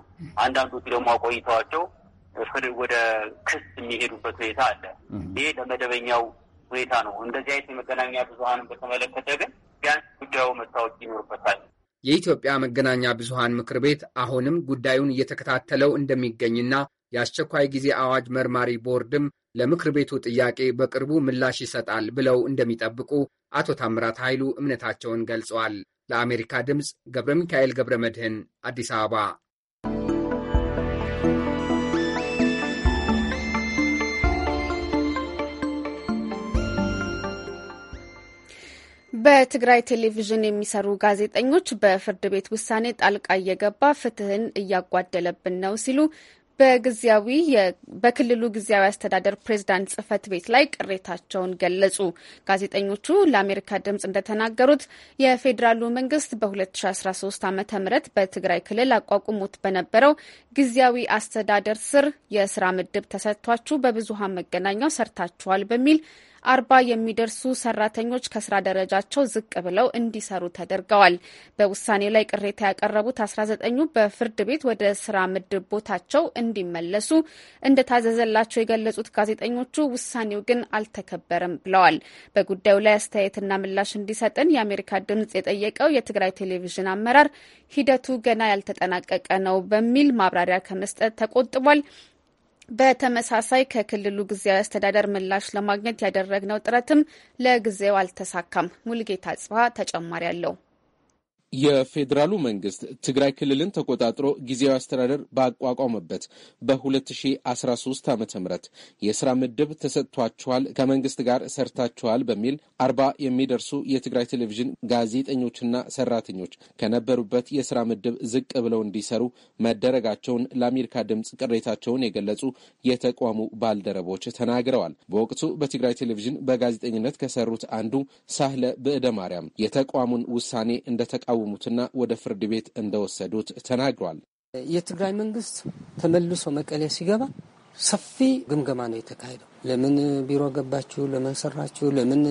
አንዳንዶቹ ደግሞ አቆይተዋቸው ወደ ክስ የሚሄዱበት ሁኔታ አለ። ይሄ ለመደበኛው ሁኔታ ነው። እንደዚህ አይነት የመገናኛ ብዙሀንን በተመለከተ ግን ቢያንስ ጉዳዩ መታወቅ ይኖርበታል። የኢትዮጵያ መገናኛ ብዙሀን ምክር ቤት አሁንም ጉዳዩን እየተከታተለው እንደሚገኝና የአስቸኳይ ጊዜ አዋጅ መርማሪ ቦርድም ለምክር ቤቱ ጥያቄ በቅርቡ ምላሽ ይሰጣል ብለው እንደሚጠብቁ አቶ ታምራት ኃይሉ እምነታቸውን ገልጸዋል። ለአሜሪካ ድምፅ ገብረ ሚካኤል ገብረ መድህን አዲስ አበባ። በትግራይ ቴሌቪዥን የሚሰሩ ጋዜጠኞች በፍርድ ቤት ውሳኔ ጣልቃ እየገባ ፍትህን እያጓደለብን ነው ሲሉ በጊዜያዊ በክልሉ ጊዜያዊ አስተዳደር ፕሬዝዳንት ጽህፈት ቤት ላይ ቅሬታቸውን ገለጹ። ጋዜጠኞቹ ለአሜሪካ ድምጽ እንደተናገሩት የፌዴራሉ መንግስት በ2013 ዓ ም በትግራይ ክልል አቋቁሞት በነበረው ጊዜያዊ አስተዳደር ስር የስራ ምድብ ተሰጥቷችሁ በብዙሀን መገናኛው ሰርታችኋል በሚል አርባ የሚደርሱ ሰራተኞች ከስራ ደረጃቸው ዝቅ ብለው እንዲሰሩ ተደርገዋል። በውሳኔ ላይ ቅሬታ ያቀረቡት አስራ ዘጠኙ በፍርድ ቤት ወደ ስራ ምድብ ቦታቸው እንዲመለሱ እንደታዘዘላቸው የገለጹት ጋዜጠኞቹ ውሳኔው ግን አልተከበረም ብለዋል። በጉዳዩ ላይ አስተያየትና ምላሽ እንዲሰጥን የአሜሪካ ድምጽ የጠየቀው የትግራይ ቴሌቪዥን አመራር ሂደቱ ገና ያልተጠናቀቀ ነው በሚል ማብራሪያ ከመስጠት ተቆጥቧል። በተመሳሳይ ከክልሉ ጊዜያዊ አስተዳደር ምላሽ ለማግኘት ያደረግነው ጥረትም ለጊዜው አልተሳካም። ሙልጌታ ጽባ ተጨማሪ አለው። የፌዴራሉ መንግስት ትግራይ ክልልን ተቆጣጥሮ ጊዜያዊ አስተዳደር ባቋቋመበት በ2013 ዓ ም የስራ ምድብ ተሰጥቷቸዋል፣ ከመንግስት ጋር ሰርታቸዋል በሚል አርባ የሚደርሱ የትግራይ ቴሌቪዥን ጋዜጠኞችና ሰራተኞች ከነበሩበት የስራ ምድብ ዝቅ ብለው እንዲሰሩ መደረጋቸውን ለአሜሪካ ድምፅ ቅሬታቸውን የገለጹ የተቋሙ ባልደረቦች ተናግረዋል። በወቅቱ በትግራይ ቴሌቪዥን በጋዜጠኝነት ከሰሩት አንዱ ሳህለ ብዕደ ማርያም የተቋሙን ውሳኔ እንደተቃወ እንዳቋቋሙትና ወደ ፍርድ ቤት እንደወሰዱት ተናግሯል። የትግራይ መንግስት ተመልሶ መቀሌ ሲገባ ሰፊ ግምገማ ነው የተካሄደው። ለምን ቢሮ ገባችሁ፣ ለምን ሰራችሁ፣ ለምን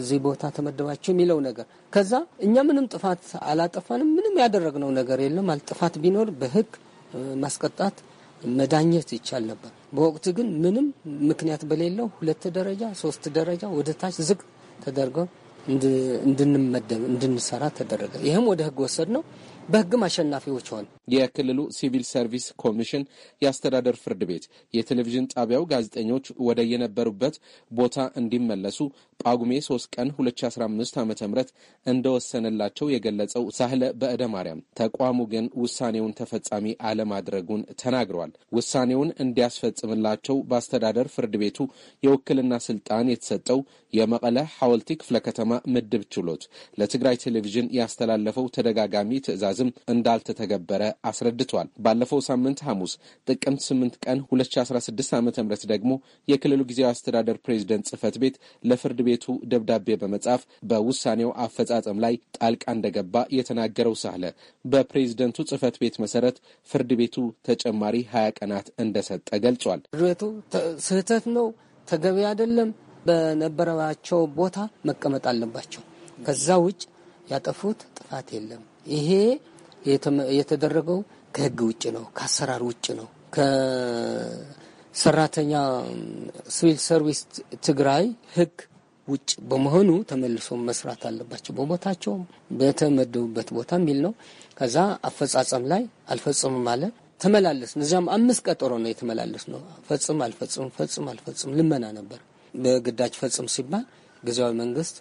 እዚህ ቦታ ተመደባችሁ የሚለው ነገር። ከዛ እኛ ምንም ጥፋት አላጠፋንም፣ ምንም ያደረግነው ነገር የለም። ጥፋት ቢኖር በህግ ማስቀጣት መዳኘት ይቻል ነበር። በወቅቱ ግን ምንም ምክንያት በሌለው ሁለት ደረጃ ሶስት ደረጃ ወደ ታች ዝቅ ተደርገው እንድንመደብ እንድንሰራ ተደረገ። ይህም ወደ ህግ ወሰድ ነው። በህግም አሸናፊዎች ሆን። የክልሉ ሲቪል ሰርቪስ ኮሚሽን የአስተዳደር ፍርድ ቤት የቴሌቪዥን ጣቢያው ጋዜጠኞች ወደ የነበሩበት ቦታ እንዲመለሱ ጳጉሜ 3 ቀን 2015 ዓ ም እንደወሰነላቸው የገለጸው ሳህለ በእደ ማርያም ተቋሙ ግን ውሳኔውን ተፈጻሚ አለማድረጉን ተናግረዋል። ውሳኔውን እንዲያስፈጽምላቸው በአስተዳደር ፍርድ ቤቱ የውክልና ስልጣን የተሰጠው የመቀለ ሐወልቲ ክፍለ ከተማ ምድብ ችሎት ለትግራይ ቴሌቪዥን ያስተላለፈው ተደጋጋሚ ትዕዛዝም እንዳልተተገበረ አስረድቷል። ባለፈው ሳምንት ሐሙስ ጥቅምት 8 ቀን 2016 ዓ ም ደግሞ የክልሉ ጊዜያዊ አስተዳደር ፕሬዚደንት ጽህፈት ቤት ለፍርድ ቤቱ ደብዳቤ በመጻፍ በውሳኔው አፈጻጸም ላይ ጣልቃ እንደገባ የተናገረው ሳህለ በፕሬዝደንቱ ጽህፈት ቤት መሰረት ፍርድ ቤቱ ተጨማሪ ሀያ ቀናት እንደሰጠ ገልጿል። ፍርድ ቤቱ ስህተት ነው፣ ተገቢ አይደለም፣ በነበረባቸው ቦታ መቀመጥ አለባቸው። ከዛ ውጭ ያጠፉት ጥፋት የለም። ይሄ የተደረገው ከህግ ውጭ ነው፣ ከአሰራር ውጭ ነው። ከሰራተኛ ሲቪል ሰርቪስ ትግራይ ህግ ውጭ በመሆኑ ተመልሶ መስራት አለባቸው። በቦታቸው በተመደቡበት ቦታ የሚል ነው። ከዛ አፈጻጸም ላይ አልፈጽምም አለ። ተመላለስ። እዚያም አምስት ቀጠሮ ነው የተመላለስ ነው። ፈጽም አልፈጽም፣ ፈጽም አልፈጽም፣ ልመና ነበር። በግዳጅ ፈጽም ሲባል ጊዜያዊ መንግስት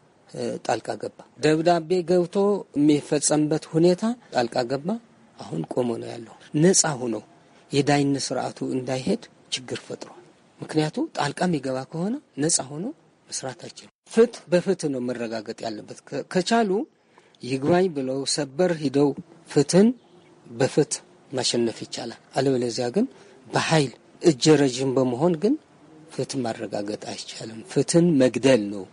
ጣልቃ ገባ። ደብዳቤ ገብቶ የሚፈጸምበት ሁኔታ ጣልቃ ገባ። አሁን ቆሞ ነው ያለው። ነፃ ሆኖ የዳኝነት ስርዓቱ እንዳይሄድ ችግር ፈጥሯል። ምክንያቱ ጣልቃ የሚገባ ከሆነ ነፃ ሆኖ መስራታችን ፍትህ በፍትህ ነው መረጋገጥ ያለበት። ከቻሉ ይግባኝ ብለው ሰበር ሂደው ፍትህን በፍትህ ማሸነፍ ይቻላል። አለበለዚያ ግን በኃይል እጅ ረዥም በመሆን ግን ፍትህ ማረጋገጥ አይቻልም። ፍትህን መግደል ነው።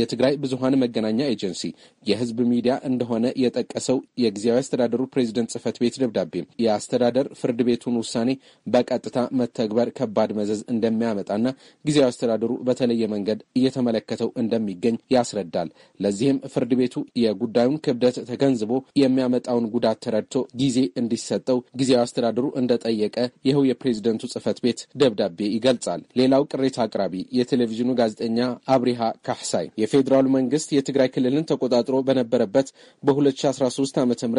የትግራይ ብዙሀን መገናኛ ኤጀንሲ የህዝብ ሚዲያ እንደሆነ የጠቀሰው የጊዜያዊ አስተዳደሩ ፕሬዚደንት ጽህፈት ቤት ደብዳቤ የአስተዳደር ፍርድ ቤቱን ውሳኔ በቀጥታ መተግበር ከባድ መዘዝ እንደሚያመጣና ጊዜያዊ አስተዳደሩ በተለየ መንገድ እየተመለከተው እንደሚገኝ ያስረዳል። ለዚህም ፍርድ ቤቱ የጉዳዩን ክብደት ተገንዝቦ የሚያመጣውን ጉዳት ተረድቶ ጊዜ እንዲሰጠው ጊዜያዊ አስተዳደሩ እንደጠየቀ ይኸው የፕሬዚደንቱ ጽህፈት ቤት ደብዳቤ ይገልጻል። ሌላው ቅሬታ አቅራቢ የቴሌቪዥኑ ጋዜጠኛ አብሪሃ ካሕሳይ የፌዴራሉ መንግስት የትግራይ ክልልን ተቆጣጥሮ ተፈጥሮ በነበረበት በ2013 ዓ ም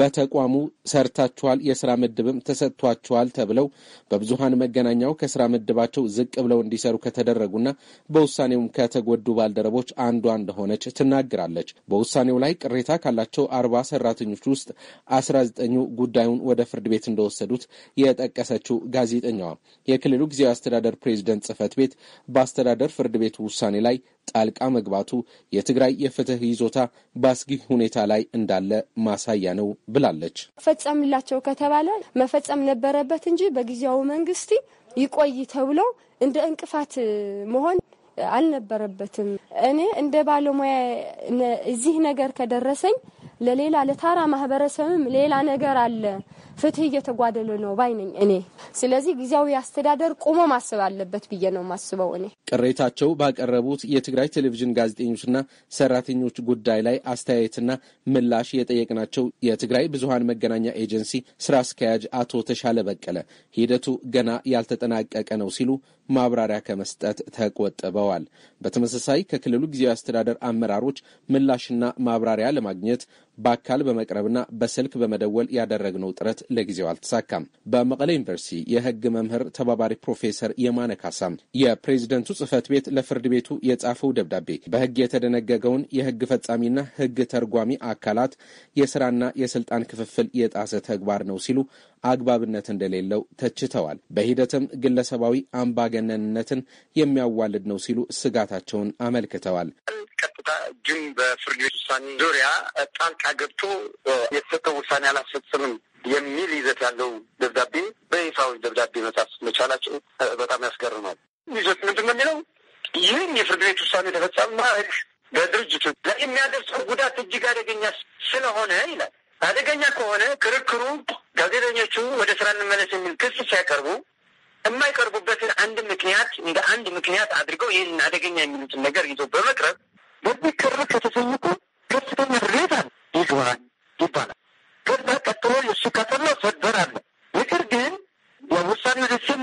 በተቋሙ ሰርታችኋል፣ የስራ ምድብም ተሰጥቷችኋል ተብለው በብዙሀን መገናኛው ከስራ ምድባቸው ዝቅ ብለው እንዲሰሩ ከተደረጉና በውሳኔውም ከተጎዱ ባልደረቦች አንዷ እንደሆነች ትናገራለች። በውሳኔው ላይ ቅሬታ ካላቸው አርባ ሰራተኞች ውስጥ አስራ ዘጠኙ ጉዳዩን ወደ ፍርድ ቤት እንደወሰዱት የጠቀሰችው ጋዜጠኛዋ የክልሉ ጊዜያዊ አስተዳደር ፕሬዚደንት ጽህፈት ቤት በአስተዳደር ፍርድ ቤቱ ውሳኔ ላይ ጣልቃ መግባቱ የትግራይ የፍትህ ይዞታ በአስጊ ሁኔታ ላይ እንዳለ ማሳያ ነው ብላለች። ፈጸምላቸው ከተባለ መፈጸም ነበረበት እንጂ በጊዜያዊ መንግስት ይቆይ ተብሎ እንደ እንቅፋት መሆን አልነበረበትም። እኔ እንደ ባለሙያ እዚህ ነገር ከደረሰኝ ለሌላ ለታራ ማህበረሰብም ሌላ ነገር አለ ፍትህ እየተጓደለ ነው ባይ ነኝ እኔ። ስለዚህ ጊዜያዊ አስተዳደር ቆሞ ማሰብ አለበት ብዬ ነው ማስበው እኔ። ቅሬታቸው ባቀረቡት የትግራይ ቴሌቪዥን ጋዜጠኞችና ሰራተኞች ጉዳይ ላይ አስተያየትና ምላሽ የጠየቅናቸው የትግራይ ብዙሀን መገናኛ ኤጀንሲ ስራ አስኪያጅ አቶ ተሻለ በቀለ ሂደቱ ገና ያልተጠናቀቀ ነው ሲሉ ማብራሪያ ከመስጠት ተቆጥበዋል። በተመሳሳይ ከክልሉ ጊዜያዊ አስተዳደር አመራሮች ምላሽና ማብራሪያ ለማግኘት በአካል በመቅረብና በስልክ በመደወል ያደረግነው ጥረት ለጊዜው አልተሳካም። በመቀለ ዩኒቨርሲቲ የህግ መምህር ተባባሪ ፕሮፌሰር የማነ ካሳም የፕሬዚደንቱ ጽህፈት ቤት ለፍርድ ቤቱ የጻፈው ደብዳቤ በህግ የተደነገገውን የህግ ፈጻሚና ህግ ተርጓሚ አካላት የስራና የስልጣን ክፍፍል የጣሰ ተግባር ነው ሲሉ አግባብነት እንደሌለው ተችተዋል። በሂደትም ግለሰባዊ አምባገነንነትን የሚያዋልድ ነው ሲሉ ስጋታቸውን አመልክተዋል። ቀጥታ ግን በፍርድ ቤት ውሳኔ ዙሪያ ጣልቃ ገብቶ የተሰጠው ውሳኔ አላስፈጽምም የሚል ይዘት ያለው ደብዳቤ በይፋዊ ደብዳቤ መጻፍ መቻላቸው በጣም ያስገርማል። ይዘት ምንድን ነው የሚለው ይህም የፍርድ ቤት ውሳኔ ተፈጻሚ ማድረግ በድርጅቱ ላይ የሚያደርሰው ጉዳት እጅግ አደገኛ ስለሆነ ይላል። አደገኛ ከሆነ ክርክሩ ጋዜጠኞቹ ወደ ስራ እንመለስ የሚል ክስ ሲያቀርቡ የማይቀርቡበትን አንድ ምክንያት እንደ አንድ ምክንያት አድርገው ይህን አደገኛ የሚሉትን ነገር ይዞ በመቅረብ በዚህ ክርክር ከተሰይቁ ከፍተኛ ሬታ ይግባል ይባላል። ከዛ ቀጥሎ የእሱ ከተማ ሰበር አለ። ነገር ግን የውሳኔ ደስም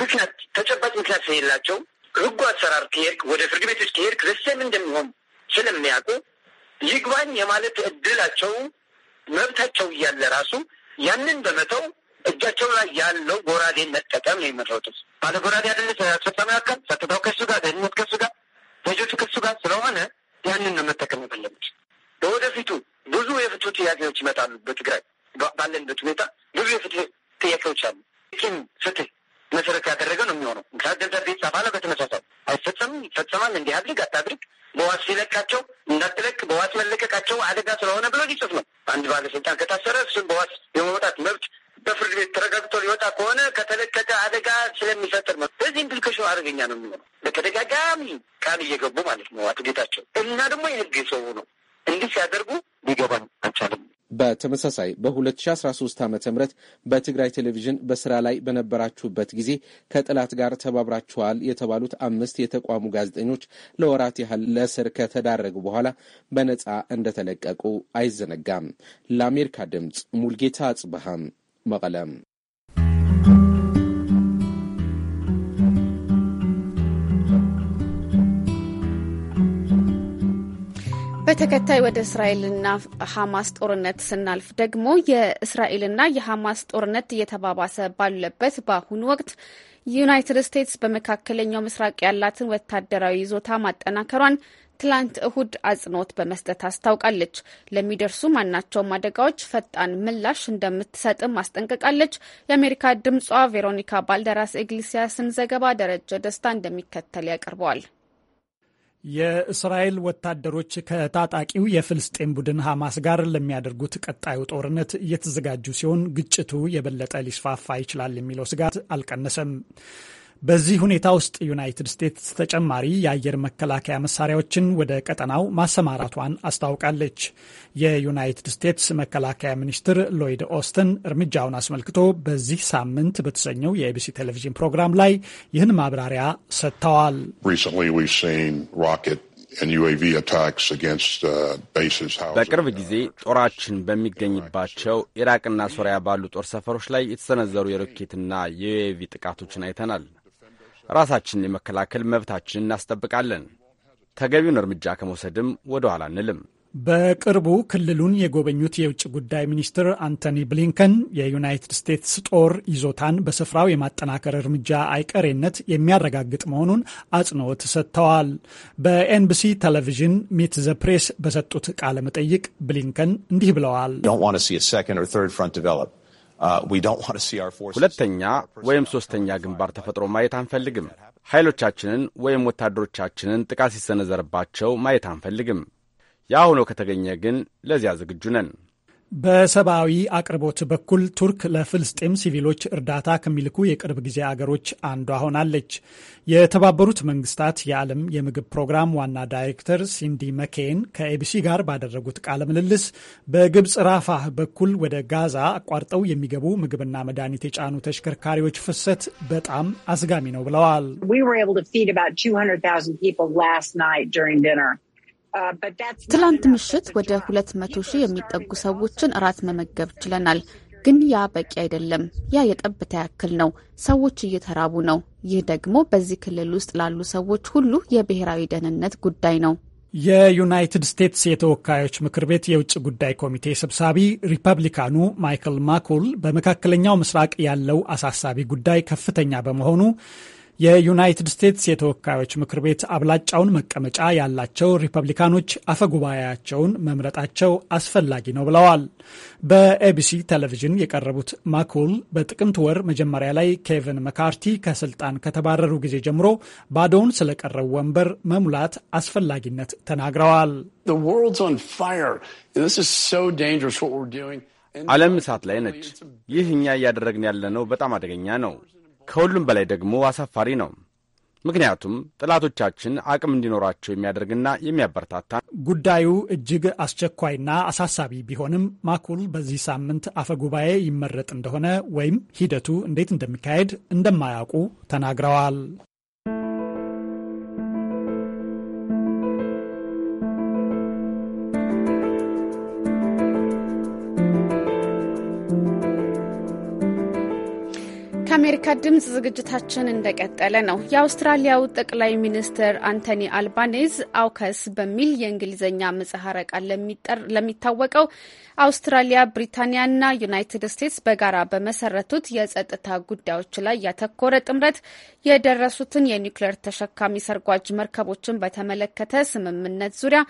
ምክንያት ተጨባጭ ምክንያት ስለሌላቸው ህጉ አሰራር ከሄድክ ወደ ፍርድ ቤት ከሄድክ ደሴም እንደሚሆን ስለሚያውቁ ይግባኝ የማለት እድላቸው መብታቸው እያለ ራሱ ያንን በመተው እጃቸው ላይ ያለው ጎራዴን መጠቀም ነው የመረጡት። ባለ ጎራዴ አደለ አስፈጻሚ አካል ጸጥታው ከሱ ጋር፣ ደህንነት ከሱ ጋር፣ ልጆቹ ከሱ ጋር ስለሆነ ያንን ነው መጠቀም የፈለጉት። በወደፊቱ ብዙ የፍትህ ጥያቄዎች ይመጣሉ። በትግራይ ባለንበት ሁኔታ ብዙ የፍትህ ጥያቄዎች አሉ። ይህን ፍትህ መሰረት ያደረገ ነው የሚሆነው። ምክንያት ደብዳቤ ይጻፋል። በተመሳሳይ አይፈጸምም፣ ይፈጸማል። እንዲህ አድርግ፣ አታድርግ፣ በዋስ ሲለቃቸው እንዳትለቅ፣ በዋስ መለቀቃቸው አደጋ ስለሆነ ብሎ ሊጽፍ ነው። አንድ ባለስልጣን ከታሰረ እሱም በዋስ የመውጣት መብት በፍርድ ቤት ተረጋግቶ ሊወጣ ከሆነ ከተለቀቀ አደጋ ስለሚፈጥር ነው። በዚህ እንድልከሽ አደገኛ ነው የሚሆነው። በተደጋጋሚ ቃል እየገቡ ማለት ነው አቶ ጌታቸው እና ደግሞ የህግ ሰው ነው እንዲህ ሲያደርጉ ሊገባኝ አልቻለም። በተመሳሳይ በ2013 ዓ ም በትግራይ ቴሌቪዥን በስራ ላይ በነበራችሁበት ጊዜ ከጠላት ጋር ተባብራችኋል የተባሉት አምስት የተቋሙ ጋዜጠኞች ለወራት ያህል ለእስር ከተዳረጉ በኋላ በነጻ እንደተለቀቁ አይዘነጋም። ለአሜሪካ ድምፅ ሙልጌታ አጽብሃም መቀለም በተከታይ ወደ እስራኤልና ሐማስ ጦርነት ስናልፍ ደግሞ የእስራኤልና የሐማስ ጦርነት እየተባባሰ ባለበት በአሁኑ ወቅት ዩናይትድ ስቴትስ በመካከለኛው ምስራቅ ያላትን ወታደራዊ ይዞታ ማጠናከሯን ትላንት እሁድ አጽንኦት በመስጠት አስታውቃለች። ለሚደርሱ ማናቸውም አደጋዎች ፈጣን ምላሽ እንደምትሰጥም አስጠንቅቃለች። የአሜሪካ ድምጿ ቬሮኒካ ባልደራስ ኢግሊሲያስን ዘገባ ደረጀ ደስታ እንደሚከተል ያቀርበዋል። የእስራኤል ወታደሮች ከታጣቂው የፍልስጤም ቡድን ሐማስ ጋር ለሚያደርጉት ቀጣዩ ጦርነት እየተዘጋጁ ሲሆን ግጭቱ የበለጠ ሊስፋፋ ይችላል የሚለው ስጋት አልቀነሰም። በዚህ ሁኔታ ውስጥ ዩናይትድ ስቴትስ ተጨማሪ የአየር መከላከያ መሳሪያዎችን ወደ ቀጠናው ማሰማራቷን አስታውቃለች። የዩናይትድ ስቴትስ መከላከያ ሚኒስትር ሎይድ ኦስትን እርምጃውን አስመልክቶ በዚህ ሳምንት በተሰኘው የኤቢሲ ቴሌቪዥን ፕሮግራም ላይ ይህን ማብራሪያ ሰጥተዋል። uh, በቅርብ ጊዜ ጦራችን በሚገኝባቸው ኢራቅና ሶሪያ ባሉ ጦር ሰፈሮች ላይ የተሰነዘሩ የሮኬትና የዩኤቪ ጥቃቶችን አይተናል። ራሳችንን የመከላከል መብታችንን እናስጠብቃለን። ተገቢውን እርምጃ ከመውሰድም ወደ ኋላ አንልም። በቅርቡ ክልሉን የጎበኙት የውጭ ጉዳይ ሚኒስትር አንቶኒ ብሊንከን የዩናይትድ ስቴትስ ጦር ይዞታን በስፍራው የማጠናከር እርምጃ አይቀሬነት የሚያረጋግጥ መሆኑን አጽንኦት ሰጥተዋል። በኤንቢሲ ቴሌቪዥን ሚት ዘ ፕሬስ በሰጡት ቃለ መጠይቅ ብሊንከን እንዲህ ብለዋል። Uh, ሁለተኛ ወይም ሶስተኛ ግንባር ተፈጥሮ ማየት አንፈልግም። ኃይሎቻችንን ወይም ወታደሮቻችንን ጥቃት ሲሰነዘርባቸው ማየት አንፈልግም። ያ ሆኖ ከተገኘ ግን ለዚያ ዝግጁ ነን። በሰብአዊ አቅርቦት በኩል ቱርክ ለፍልስጤም ሲቪሎች እርዳታ ከሚልኩ የቅርብ ጊዜ አገሮች አንዷ ሆናለች። የተባበሩት መንግስታት የዓለም የምግብ ፕሮግራም ዋና ዳይሬክተር ሲንዲ መኬን ከኤቢሲ ጋር ባደረጉት ቃለ ምልልስ በግብፅ ራፋህ በኩል ወደ ጋዛ አቋርጠው የሚገቡ ምግብና መድኃኒት የጫኑ ተሽከርካሪዎች ፍሰት በጣም አስጋሚ ነው ብለዋል። ትላንት ምሽት ወደ ሁለት መቶ ሺህ የሚጠጉ ሰዎችን እራት መመገብ ችለናል። ግን ያ በቂ አይደለም። ያ የጠብታ ያክል ነው። ሰዎች እየተራቡ ነው። ይህ ደግሞ በዚህ ክልል ውስጥ ላሉ ሰዎች ሁሉ የብሔራዊ ደህንነት ጉዳይ ነው። የዩናይትድ ስቴትስ የተወካዮች ምክር ቤት የውጭ ጉዳይ ኮሚቴ ሰብሳቢ ሪፐብሊካኑ ማይክል ማኮል በመካከለኛው ምስራቅ ያለው አሳሳቢ ጉዳይ ከፍተኛ በመሆኑ የዩናይትድ ስቴትስ የተወካዮች ምክር ቤት አብላጫውን መቀመጫ ያላቸው ሪፐብሊካኖች አፈጉባኤያቸውን መምረጣቸው አስፈላጊ ነው ብለዋል። በኤቢሲ ቴሌቪዥን የቀረቡት ማኩል በጥቅምት ወር መጀመሪያ ላይ ኬቨን መካርቲ ከስልጣን ከተባረሩ ጊዜ ጀምሮ ባዶውን ስለቀረው ወንበር መሙላት አስፈላጊነት ተናግረዋል። ዓለም እሳት ላይ ነች። ይህ እኛ እያደረግን ያለነው በጣም አደገኛ ነው። ከሁሉም በላይ ደግሞ አሳፋሪ ነው። ምክንያቱም ጥላቶቻችን አቅም እንዲኖራቸው የሚያደርግና የሚያበረታታ። ጉዳዩ እጅግ አስቸኳይና አሳሳቢ ቢሆንም ማኩል በዚህ ሳምንት አፈ ጉባኤ ይመረጥ እንደሆነ ወይም ሂደቱ እንዴት እንደሚካሄድ እንደማያውቁ ተናግረዋል። ከአሜሪካ ድምፅ ዝግጅታችን እንደቀጠለ ነው። የአውስትራሊያው ጠቅላይ ሚኒስትር አንቶኒ አልባኔዝ አውከስ በሚል የእንግሊዝኛ ምጽሐረ ቃል ለሚታወቀው አውስትራሊያ፣ ብሪታንያና ዩናይትድ ስቴትስ በጋራ በመሰረቱት የጸጥታ ጉዳዮች ላይ ያተኮረ ጥምረት የደረሱትን የኒውክሌር ተሸካሚ ሰርጓጅ መርከቦችን በተመለከተ ስምምነት ዙሪያ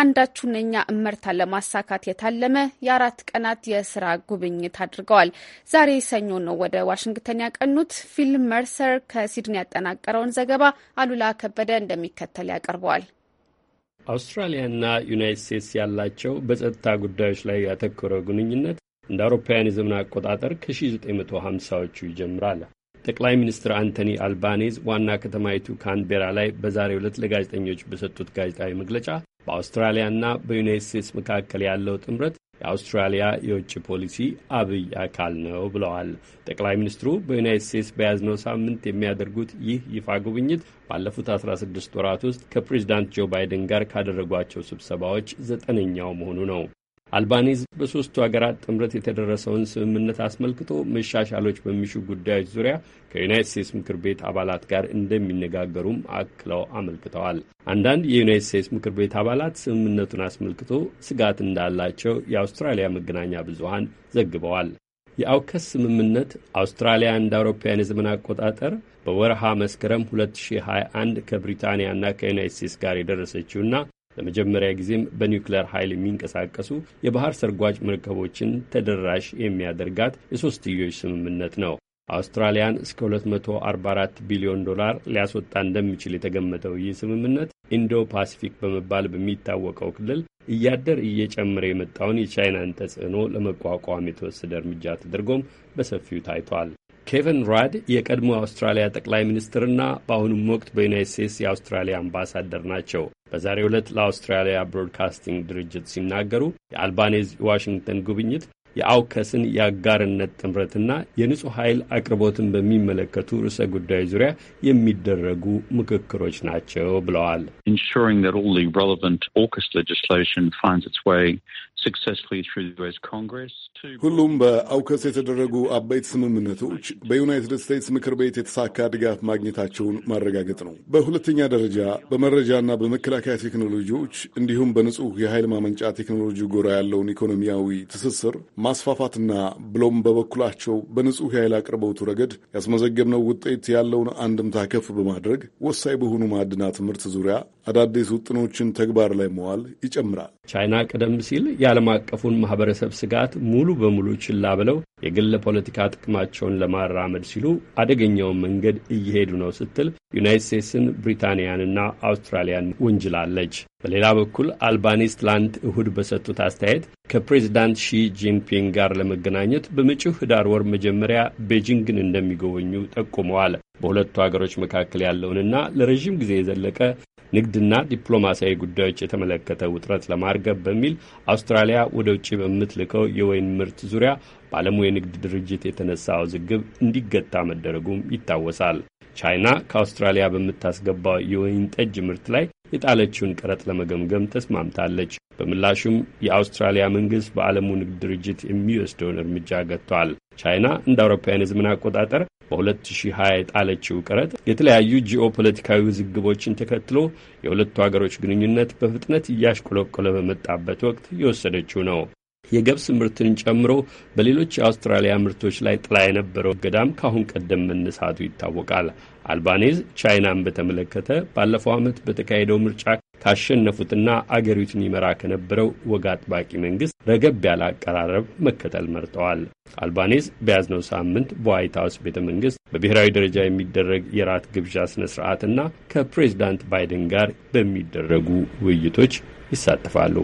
አንዳችሁን እኛ እመርታ ለማሳካት የታለመ የአራት ቀናት የስራ ጉብኝት አድርገዋል። ዛሬ ሰኞ ነው ወደ ዋሽንግተን ያቀኑት። ፊል መርሰር ከሲድኒ ያጠናቀረውን ዘገባ አሉላ ከበደ እንደሚከተል ያቀርበዋል። አውስትራሊያና ዩናይት ስቴትስ ያላቸው በጸጥታ ጉዳዮች ላይ ያተኮረ ግንኙነት እንደ አውሮፓውያን የዘመን አቆጣጠር ከ1950ዎቹ ይጀምራል። ጠቅላይ ሚኒስትር አንቶኒ አልባኔዝ ዋና ከተማይቱ ካንቤራ ላይ በዛሬው ዕለት ለጋዜጠኞች በሰጡት ጋዜጣዊ መግለጫ በአውስትራሊያና በዩናይት ስቴትስ መካከል ያለው ጥምረት የአውስትራሊያ የውጭ ፖሊሲ አብይ አካል ነው ብለዋል ጠቅላይ ሚኒስትሩ። በዩናይት ስቴትስ በያዝነው ሳምንት የሚያደርጉት ይህ ይፋ ጉብኝት ባለፉት 16 ወራት ውስጥ ከፕሬዚዳንት ጆ ባይደን ጋር ካደረጓቸው ስብሰባዎች ዘጠነኛው መሆኑ ነው። አልባኒዝ በሦስቱ ሀገራት ጥምረት የተደረሰውን ስምምነት አስመልክቶ መሻሻሎች በሚሹ ጉዳዮች ዙሪያ ከዩናይት ስቴትስ ምክር ቤት አባላት ጋር እንደሚነጋገሩም አክለው አመልክተዋል። አንዳንድ የዩናይት ስቴትስ ምክር ቤት አባላት ስምምነቱን አስመልክቶ ስጋት እንዳላቸው የአውስትራሊያ መገናኛ ብዙሃን ዘግበዋል። የአውከስ ስምምነት አውስትራሊያ እንደ አውሮፓውያን የዘመን አቆጣጠር በወርሃ መስከረም 2021 ከብሪታንያና ከዩናይት ስቴትስ ጋር የደረሰችውና ለመጀመሪያ ጊዜም በኒውክሌር ኃይል የሚንቀሳቀሱ የባህር ሰርጓጅ መርከቦችን ተደራሽ የሚያደርጋት የሶስትዮሽ ስምምነት ነው። አውስትራሊያን እስከ 244 ቢሊዮን ዶላር ሊያስወጣ እንደሚችል የተገመተው ይህ ስምምነት ኢንዶ ፓሲፊክ በመባል በሚታወቀው ክልል እያደር እየጨመረ የመጣውን የቻይናን ተጽዕኖ ለመቋቋም የተወሰደ እርምጃ ተደርጎም በሰፊው ታይቷል። ኬቨን ራድ የቀድሞ አውስትራሊያ ጠቅላይ ሚኒስትርና በአሁኑም ወቅት በዩናይት ስቴትስ የአውስትራሊያ አምባሳደር ናቸው። በዛሬ ዕለት ለአውስትራሊያ ብሮድካስቲንግ ድርጅት ሲናገሩ የአልባኔዝ ዋሽንግተን ጉብኝት የአውከስን የአጋርነት ጥምረትና የንጹሕ ኃይል አቅርቦትን በሚመለከቱ ርዕሰ ጉዳይ ዙሪያ የሚደረጉ ምክክሮች ናቸው ብለዋል። ሁሉም በአውከስ የተደረጉ አበይት ስምምነቶች በዩናይትድ ስቴትስ ምክር ቤት የተሳካ ድጋፍ ማግኘታቸውን ማረጋገጥ ነው። በሁለተኛ ደረጃ በመረጃና በመከላከያ ቴክኖሎጂዎች እንዲሁም በንጹህ የኃይል ማመንጫ ቴክኖሎጂ ጎራ ያለውን ኢኮኖሚያዊ ትስስር ማስፋፋትና ብሎም በበኩላቸው በንጹህ የኃይል አቅርቦቱ ረገድ ያስመዘገብነው ውጤት ያለውን አንድምታ ከፍ በማድረግ ወሳኝ በሆኑ ማዕድናት ምርት ዙሪያ አዳዲስ ውጥኖችን ተግባር ላይ መዋል ይጨምራል። ቻይና ቀደም ሲል የዓለም አቀፉን ማህበረሰብ ስጋት ሙሉ በሙሉ ችላ ብለው የግል ፖለቲካ ጥቅማቸውን ለማራመድ ሲሉ አደገኛውን መንገድ እየሄዱ ነው ስትል ዩናይት ስቴትስን፣ ብሪታንያንና አውስትራሊያን ወንጅላለች። በሌላ በኩል አልባኒስ ትላንት እሁድ በሰጡት አስተያየት ከፕሬዚዳንት ሺ ጂንፒንግ ጋር ለመገናኘት በመጪው ህዳር ወር መጀመሪያ ቤጂንግን እንደሚጎበኙ ጠቁመዋል። በሁለቱ ሀገሮች መካከል ያለውንና ለረዥም ጊዜ የዘለቀ ንግድና ዲፕሎማሲያዊ ጉዳዮች የተመለከተ ውጥረት ለማርገብ በሚል አውስትራሊያ ወደ ውጭ በምትልከው የወይን ምርት ዙሪያ በዓለሙ የንግድ ድርጅት የተነሳ ውዝግብ እንዲገታ መደረጉም ይታወሳል። ቻይና ከአውስትራሊያ በምታስገባው የወይን ጠጅ ምርት ላይ የጣለችውን ቀረጥ ለመገምገም ተስማምታለች። በምላሹም የአውስትራሊያ መንግስት በዓለሙ ንግድ ድርጅት የሚወስደውን እርምጃ ገጥቷል። ቻይና እንደ አውሮፓውያን የዘመን አቆጣጠር በ2020 የጣለችው ቅረት የተለያዩ ጂኦፖለቲካዊ ውዝግቦችን ተከትሎ የሁለቱ ሀገሮች ግንኙነት በፍጥነት እያሽቆለቆለ በመጣበት ወቅት የወሰደችው ነው። የገብስ ምርትን ጨምሮ በሌሎች የአውስትራሊያ ምርቶች ላይ ጥላ የነበረው እገዳም ከአሁን ቀደም መነሳቱ ይታወቃል። አልባኔዝ ቻይናን በተመለከተ ባለፈው ዓመት በተካሄደው ምርጫ ካሸነፉትና አገሪቱን ይመራ ከነበረው ወግ አጥባቂ መንግስት ረገብ ያለ አቀራረብ መከተል መርጠዋል። አልባኔዝ በያዝነው ሳምንት በዋይት ሀውስ ቤተ መንግስት በብሔራዊ ደረጃ የሚደረግ የራት ግብዣ ስነ ስርዓትና ከፕሬዚዳንት ባይደን ጋር በሚደረጉ ውይይቶች ይሳተፋሉ።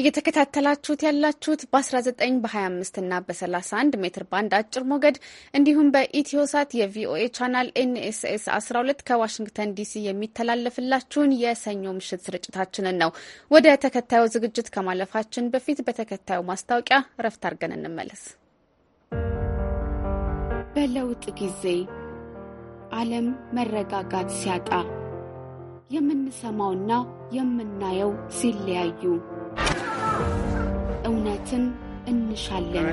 እየተከታተላችሁት ያላችሁት በ19 በ25 እና በ31 ሜትር ባንድ አጭር ሞገድ እንዲሁም በኢትዮሳት የቪኦኤ ቻናል ኤንኤስኤስ 12 ከዋሽንግተን ዲሲ የሚተላለፍላችሁን የሰኞ ምሽት ስርጭታችንን ነው። ወደ ተከታዩ ዝግጅት ከማለፋችን በፊት በተከታዩ ማስታወቂያ እረፍት አድርገን እንመለስ። በለውጥ ጊዜ ዓለም መረጋጋት ሲያጣ የምንሰማውና የምናየው ሲለያዩ እውነትን እንሻለን።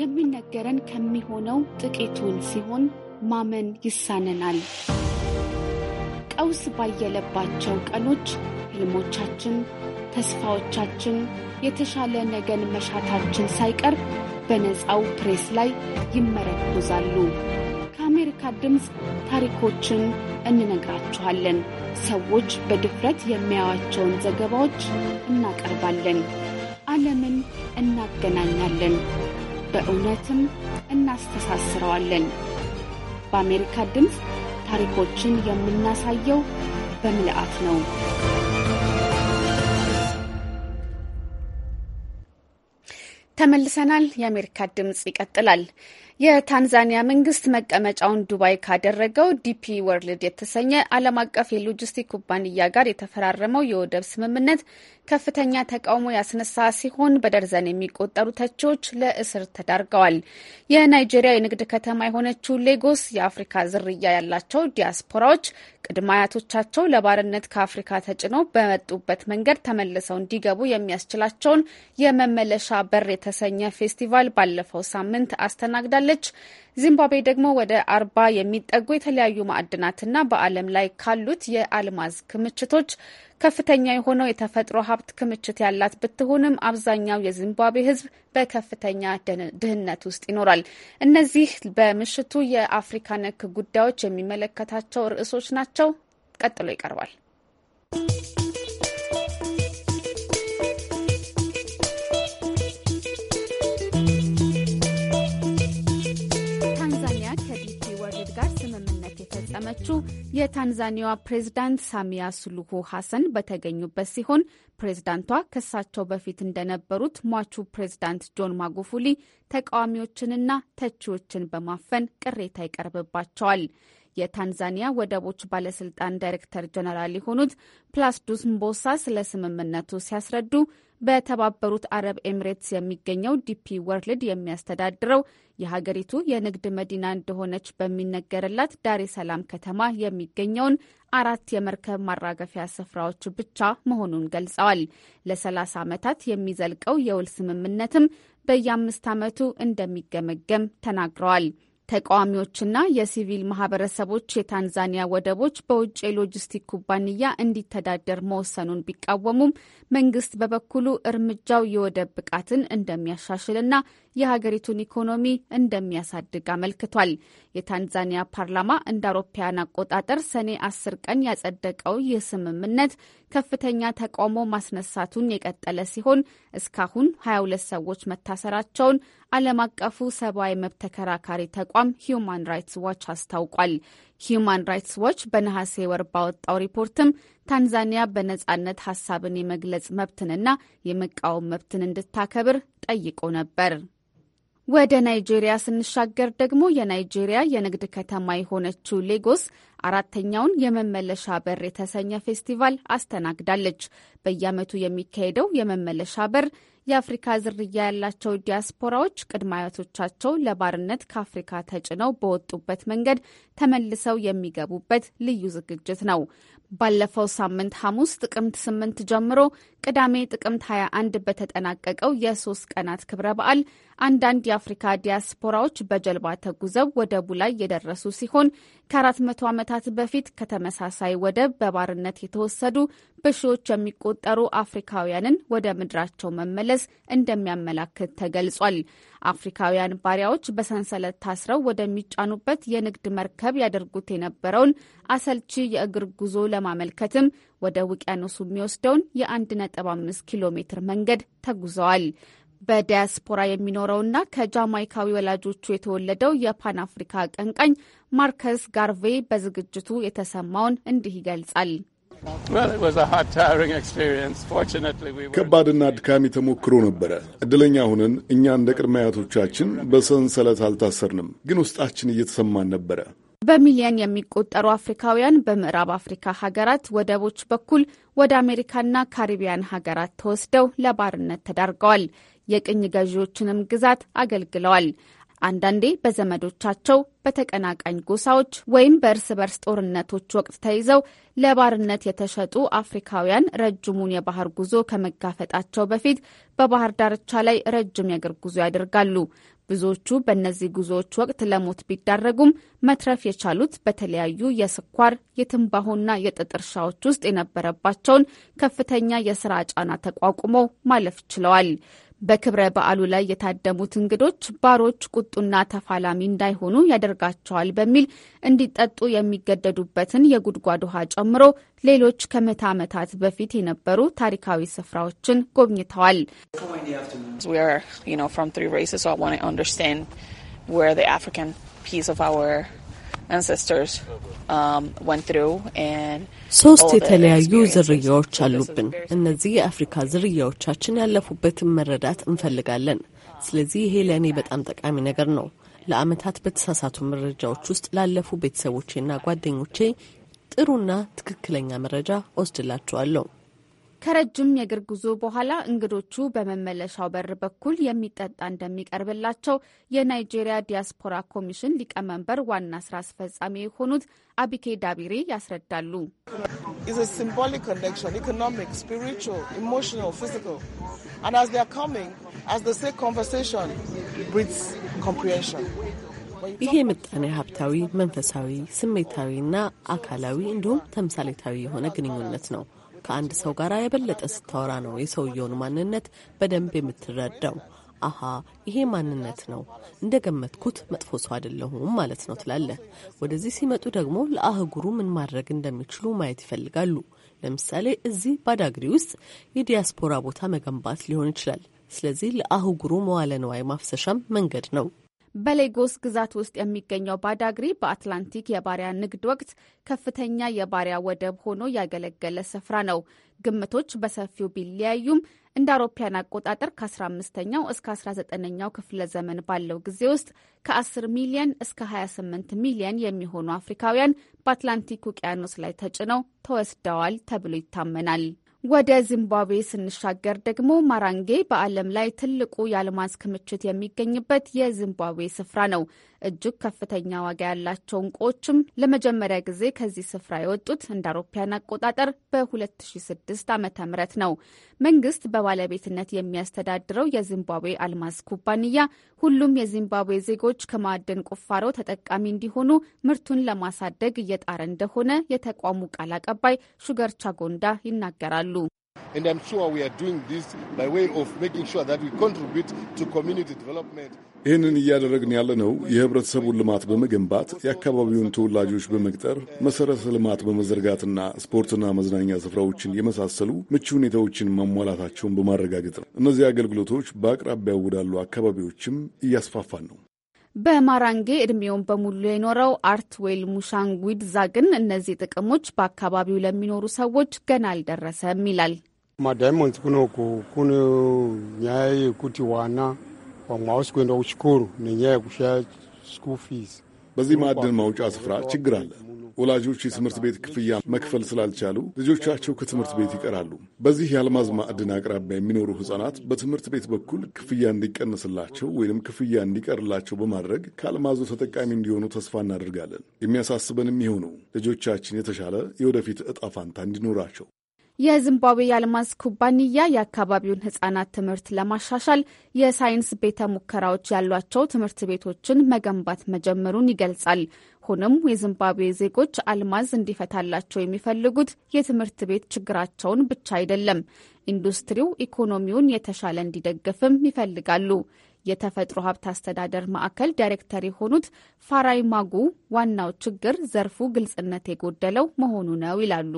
የሚነገረን ከሚሆነው ጥቂቱን ሲሆን ማመን ይሳነናል። ቀውስ ባየለባቸው ቀኖች ህልሞቻችን፣ ተስፋዎቻችን፣ የተሻለ ነገን መሻታችን ሳይቀር በነፃው ፕሬስ ላይ ይመረኮዛሉ። ከአሜሪካ ድምፅ ታሪኮችን እንነግራችኋለን። ሰዎች በድፍረት የሚያዩዋቸውን ዘገባዎች እናቀርባለን። ዓለምን እናገናኛለን፣ በእውነትም እናስተሳስረዋለን። በአሜሪካ ድምፅ ታሪኮችን የምናሳየው በምልአት ነው። ተመልሰናል። የአሜሪካ ድምፅ ይቀጥላል። የታንዛኒያ መንግስት መቀመጫውን ዱባይ ካደረገው ዲፒ ወርልድ የተሰኘ ዓለም አቀፍ የሎጂስቲክ ኩባንያ ጋር የተፈራረመው የወደብ ስምምነት ከፍተኛ ተቃውሞ ያስነሳ ሲሆን በደርዘን የሚቆጠሩ ተቺዎች ለእስር ተዳርገዋል። የናይጄሪያ የንግድ ከተማ የሆነችው ሌጎስ የአፍሪካ ዝርያ ያላቸው ዲያስፖራዎች ቅድመ አያቶቻቸው ለባርነት ከአፍሪካ ተጭነው በመጡበት መንገድ ተመልሰው እንዲገቡ የሚያስችላቸውን የመመለሻ በር የተሰኘ ፌስቲቫል ባለፈው ሳምንት አስተናግዳል። ትገኛለች። ዚምባብዌ ደግሞ ወደ አርባ የሚጠጉ የተለያዩ ማዕድናትና በዓለም ላይ ካሉት የአልማዝ ክምችቶች ከፍተኛ የሆነው የተፈጥሮ ሀብት ክምችት ያላት ብትሆንም አብዛኛው የዚምባብዌ ሕዝብ በከፍተኛ ድህነት ውስጥ ይኖራል። እነዚህ በምሽቱ የአፍሪካ ነክ ጉዳዮች የሚመለከታቸው ርዕሶች ናቸው። ቀጥሎ ይቀርባል። የፈጸመችው የታንዛኒያዋ ፕሬዝዳንት ሳሚያ ሱሉሁ ሐሰን በተገኙበት ሲሆን ፕሬዝዳንቷ ከሳቸው በፊት እንደነበሩት ሟቹ ፕሬዝዳንት ጆን ማጉፉሊ ተቃዋሚዎችንና ተቺዎችን በማፈን ቅሬታ ይቀርብባቸዋል። የታንዛኒያ ወደቦች ባለስልጣን ዳይሬክተር ጀነራል የሆኑት ፕላስዱስ ምቦሳ ስለ ስምምነቱ ሲያስረዱ በተባበሩት አረብ ኤሚሬትስ የሚገኘው ዲፒ ወርልድ የሚያስተዳድረው የሀገሪቱ የንግድ መዲና እንደሆነች በሚነገርላት ዳሬ ሰላም ከተማ የሚገኘውን አራት የመርከብ ማራገፊያ ስፍራዎች ብቻ መሆኑን ገልጸዋል። ለ30 ዓመታት የሚዘልቀው የውል ስምምነትም በየአምስት ዓመቱ እንደሚገመገም ተናግረዋል። ተቃዋሚዎችና የሲቪል ማህበረሰቦች የታንዛኒያ ወደቦች በውጭ የሎጂስቲክ ኩባንያ እንዲተዳደር መወሰኑን ቢቃወሙም መንግስት በበኩሉ እርምጃው የወደብ ብቃትን እንደሚያሻሽልና የሀገሪቱን ኢኮኖሚ እንደሚያሳድግ አመልክቷል። የታንዛኒያ ፓርላማ እንደ አውሮፓያን አቆጣጠር ሰኔ አስር ቀን ያጸደቀው ይህ ስምምነት ከፍተኛ ተቃውሞ ማስነሳቱን የቀጠለ ሲሆን እስካሁን 22 ሰዎች መታሰራቸውን ዓለም አቀፉ ሰብአዊ መብት ተከራካሪ ተቋም ሂዩማን ራይትስ ዋች አስታውቋል። ሂዩማን ራይትስ ዋች በነሐሴ ወር ባወጣው ሪፖርትም ታንዛኒያ በነጻነት ሀሳብን የመግለጽ መብትንና የመቃወም መብትን እንድታከብር ጠይቆ ነበር። ወደ ናይጄሪያ ስንሻገር ደግሞ የናይጄሪያ የንግድ ከተማ የሆነችው ሌጎስ አራተኛውን የመመለሻ በር የተሰኘ ፌስቲቫል አስተናግዳለች። በየዓመቱ የሚካሄደው የመመለሻ በር የአፍሪካ ዝርያ ያላቸው ዲያስፖራዎች ቅድመ አያቶቻቸው ለባርነት ከአፍሪካ ተጭነው በወጡበት መንገድ ተመልሰው የሚገቡበት ልዩ ዝግጅት ነው። ባለፈው ሳምንት ሐሙስ ጥቅምት 8 ጀምሮ ቅዳሜ ጥቅምት 21 በተጠናቀቀው የሶስት ቀናት ክብረ በዓል አንዳንድ የአፍሪካ ዲያስፖራዎች በጀልባ ተጉዘው ወደቡ ላይ የደረሱ ሲሆን ከአራት መቶ ዓመታት በፊት ከተመሳሳይ ወደብ በባርነት የተወሰዱ በሺዎች የሚቆጠሩ አፍሪካውያንን ወደ ምድራቸው መመለስ እንደሚያመላክት ተገልጿል። አፍሪካውያን ባሪያዎች በሰንሰለት ታስረው ወደሚጫኑበት የንግድ መርከብ ያደርጉት የነበረውን አሰልቺ የእግር ጉዞ ለማመልከትም ወደ ውቅያኖሱ የሚወስደውን የ1.5 ኪሎ ሜትር መንገድ ተጉዘዋል። በዲያስፖራ የሚኖረውና ከጃማይካዊ ወላጆቹ የተወለደው የፓን አፍሪካ አቀንቃኝ ማርከስ ጋርቬ በዝግጅቱ የተሰማውን እንዲህ ይገልጻል። ከባድና አድካሚ ተሞክሮ ነበረ። እድለኛ ሆነን እኛ እንደ ቅድመ አያቶቻችን በሰንሰለት አልታሰርንም፣ ግን ውስጣችን እየተሰማን ነበረ። በሚሊዮን የሚቆጠሩ አፍሪካውያን በምዕራብ አፍሪካ ሀገራት ወደቦች በኩል ወደ አሜሪካና ካሪቢያን ሀገራት ተወስደው ለባርነት ተዳርገዋል። የቅኝ ገዢዎችንም ግዛት አገልግለዋል። አንዳንዴ በዘመዶቻቸው በተቀናቃኝ ጎሳዎች ወይም በእርስ በርስ ጦርነቶች ወቅት ተይዘው ለባርነት የተሸጡ አፍሪካውያን ረጅሙን የባህር ጉዞ ከመጋፈጣቸው በፊት በባህር ዳርቻ ላይ ረጅም የእግር ጉዞ ያደርጋሉ። ብዙዎቹ በእነዚህ ጉዞዎች ወቅት ለሞት ቢዳረጉም መትረፍ የቻሉት በተለያዩ የስኳር የትንባሆና የጥጥ እርሻዎች ውስጥ የነበረባቸውን ከፍተኛ የስራ ጫና ተቋቁመው ማለፍ ችለዋል። በክብረ በዓሉ ላይ የታደሙት እንግዶች ባሮች ቁጡና ተፋላሚ እንዳይሆኑ ያደርጋቸዋል በሚል እንዲጠጡ የሚገደዱበትን የጉድጓድ ውሃ ጨምሮ ሌሎች ከምዕተ ዓመታት በፊት የነበሩ ታሪካዊ ስፍራዎችን ጎብኝተዋል። Um, ሶስት የተለያዩ ዝርያዎች አሉብን። እነዚህ የአፍሪካ ዝርያዎቻችን ያለፉበትን መረዳት እንፈልጋለን። ስለዚህ ይሄ ለእኔ በጣም ጠቃሚ ነገር ነው። ለአመታት በተሳሳቱ መረጃዎች ውስጥ ላለፉ ቤተሰቦቼና ጓደኞቼ ጥሩና ትክክለኛ መረጃ ወስድላችኋለሁ። ከረጅም የእግር ጉዞ በኋላ እንግዶቹ በመመለሻው በር በኩል የሚጠጣ እንደሚቀርብላቸው የናይጄሪያ ዲያስፖራ ኮሚሽን ሊቀመንበር ዋና ስራ አስፈጻሚ የሆኑት አቢኬ ዳቢሬ ያስረዳሉ። ይሄ ምጣኔ ሀብታዊ፣ መንፈሳዊ፣ ስሜታዊ እና አካላዊ እንዲሁም ተምሳሌታዊ የሆነ ግንኙነት ነው። ከአንድ ሰው ጋር የበለጠ ስታወራ ነው የሰውየውን ማንነት በደንብ የምትረዳው። አሃ ይሄ ማንነት ነው፣ እንደ ገመትኩት መጥፎ ሰው አይደለሁም ማለት ነው ትላለህ። ወደዚህ ሲመጡ ደግሞ ለአህጉሩ ምን ማድረግ እንደሚችሉ ማየት ይፈልጋሉ። ለምሳሌ እዚህ ባዳግሪ ውስጥ የዲያስፖራ ቦታ መገንባት ሊሆን ይችላል። ስለዚህ ለአህጉሩ መዋለ ንዋይ ማፍሰሻም መንገድ ነው። በሌጎስ ግዛት ውስጥ የሚገኘው ባዳግሪ በአትላንቲክ የባሪያ ንግድ ወቅት ከፍተኛ የባሪያ ወደብ ሆኖ ያገለገለ ስፍራ ነው። ግምቶች በሰፊው ቢለያዩም እንደ አውሮፓያን አቆጣጠር ከ15ኛው እስከ 19ኛው ክፍለ ዘመን ባለው ጊዜ ውስጥ ከ10 ሚሊየን እስከ 28 ሚሊየን የሚሆኑ አፍሪካውያን በአትላንቲክ ውቅያኖስ ላይ ተጭነው ተወስደዋል ተብሎ ይታመናል። ወደ ዚምባብዌ ስንሻገር ደግሞ ማራንጌ በዓለም ላይ ትልቁ የአልማዝ ክምችት የሚገኝበት የዚምባብዌ ስፍራ ነው። እጅግ ከፍተኛ ዋጋ ያላቸው እንቁዎችም ለመጀመሪያ ጊዜ ከዚህ ስፍራ የወጡት እንደ አውሮፓያን አቆጣጠር በ2006 ዓ ም ነው። መንግስት በባለቤትነት የሚያስተዳድረው የዚምባብዌ አልማዝ ኩባንያ ሁሉም የዚምባብዌ ዜጎች ከማዕድን ቁፋሮ ተጠቃሚ እንዲሆኑ ምርቱን ለማሳደግ እየጣረ እንደሆነ የተቋሙ ቃል አቀባይ ሹገር ቻጎንዳ ይናገራሉ። ይህንን እያደረግን ያለነው የህብረተሰቡን ልማት በመገንባት የአካባቢውን ተወላጆች በመቅጠር መሠረተ ልማት በመዘርጋትና ስፖርትና መዝናኛ ስፍራዎችን የመሳሰሉ ምቹ ሁኔታዎችን ማሟላታቸውን በማረጋገጥ ነው። እነዚህ አገልግሎቶች በአቅራቢያው ወዳሉ አካባቢዎችም እያስፋፋን ነው። በማራንጌ እድሜውን በሙሉ የኖረው አርትዌል ሙሻንጉድዛ ግን እነዚህ ጥቅሞች በአካባቢው ለሚኖሩ ሰዎች ገና አልደረሰም ይላል። ማዳይሞንት ኩኖኩ ኩን ኛይ ኩቲ ዋና ዋማውስ ኩንዳው ውሽኮሩ ነኛ ኩሻ ስኩፊዝ በዚህ ማዕድን ማውጫ ስፍራ ችግር አለ። ወላጆች የትምህርት ቤት ክፍያ መክፈል ስላልቻሉ ልጆቻቸው ከትምህርት ቤት ይቀራሉ። በዚህ የአልማዝ ማዕድን አቅራቢያ የሚኖሩ ህጻናት በትምህርት ቤት በኩል ክፍያ እንዲቀንስላቸው ወይም ክፍያ እንዲቀርላቸው በማድረግ ከአልማዙ ተጠቃሚ እንዲሆኑ ተስፋ እናደርጋለን። የሚያሳስበንም ይኸው ነው። ልጆቻችን የተሻለ የወደፊት እጣ ፋንታ እንዲኖራቸው የዚምባብዌ የአልማዝ ኩባንያ የአካባቢውን ህጻናት ትምህርት ለማሻሻል የሳይንስ ቤተ ሙከራዎች ያሏቸው ትምህርት ቤቶችን መገንባት መጀመሩን ይገልጻል። ሆኖም የዚምባብዌ ዜጎች አልማዝ እንዲፈታላቸው የሚፈልጉት የትምህርት ቤት ችግራቸውን ብቻ አይደለም። ኢንዱስትሪው ኢኮኖሚውን የተሻለ እንዲደገፍም ይፈልጋሉ። የተፈጥሮ ሀብት አስተዳደር ማዕከል ዳይሬክተር የሆኑት ፋራይ ማጉ ዋናው ችግር ዘርፉ ግልጽነት የጎደለው መሆኑ ነው ይላሉ።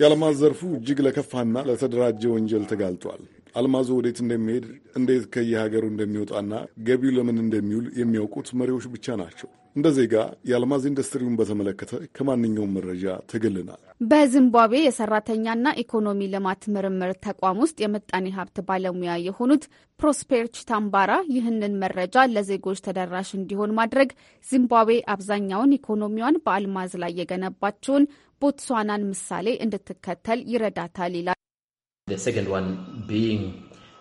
የአልማዝ ዘርፉ እጅግ ለከፋና ለተደራጀ ወንጀል ተጋልጧል። አልማዙ ወዴት እንደሚሄድ እንዴት ከየሀገሩ እንደሚወጣና ገቢው ለምን እንደሚውል የሚያውቁት መሪዎች ብቻ ናቸው። እንደ ዜጋ የአልማዝ ኢንዱስትሪውን በተመለከተ ከማንኛውም መረጃ ተገልናል። በዚምባብዌ የሰራተኛና ኢኮኖሚ ልማት ምርምር ተቋም ውስጥ የምጣኔ ሀብት ባለሙያ የሆኑት ፕሮስፔር ቺታምባራ ይህንን መረጃ ለዜጎች ተደራሽ እንዲሆን ማድረግ ዚምባብዌ አብዛኛውን ኢኮኖሚዋን በአልማዝ ላይ የገነባቸውን ቦትስዋናን ምሳሌ እንድትከተል ይረዳታል ይላል። being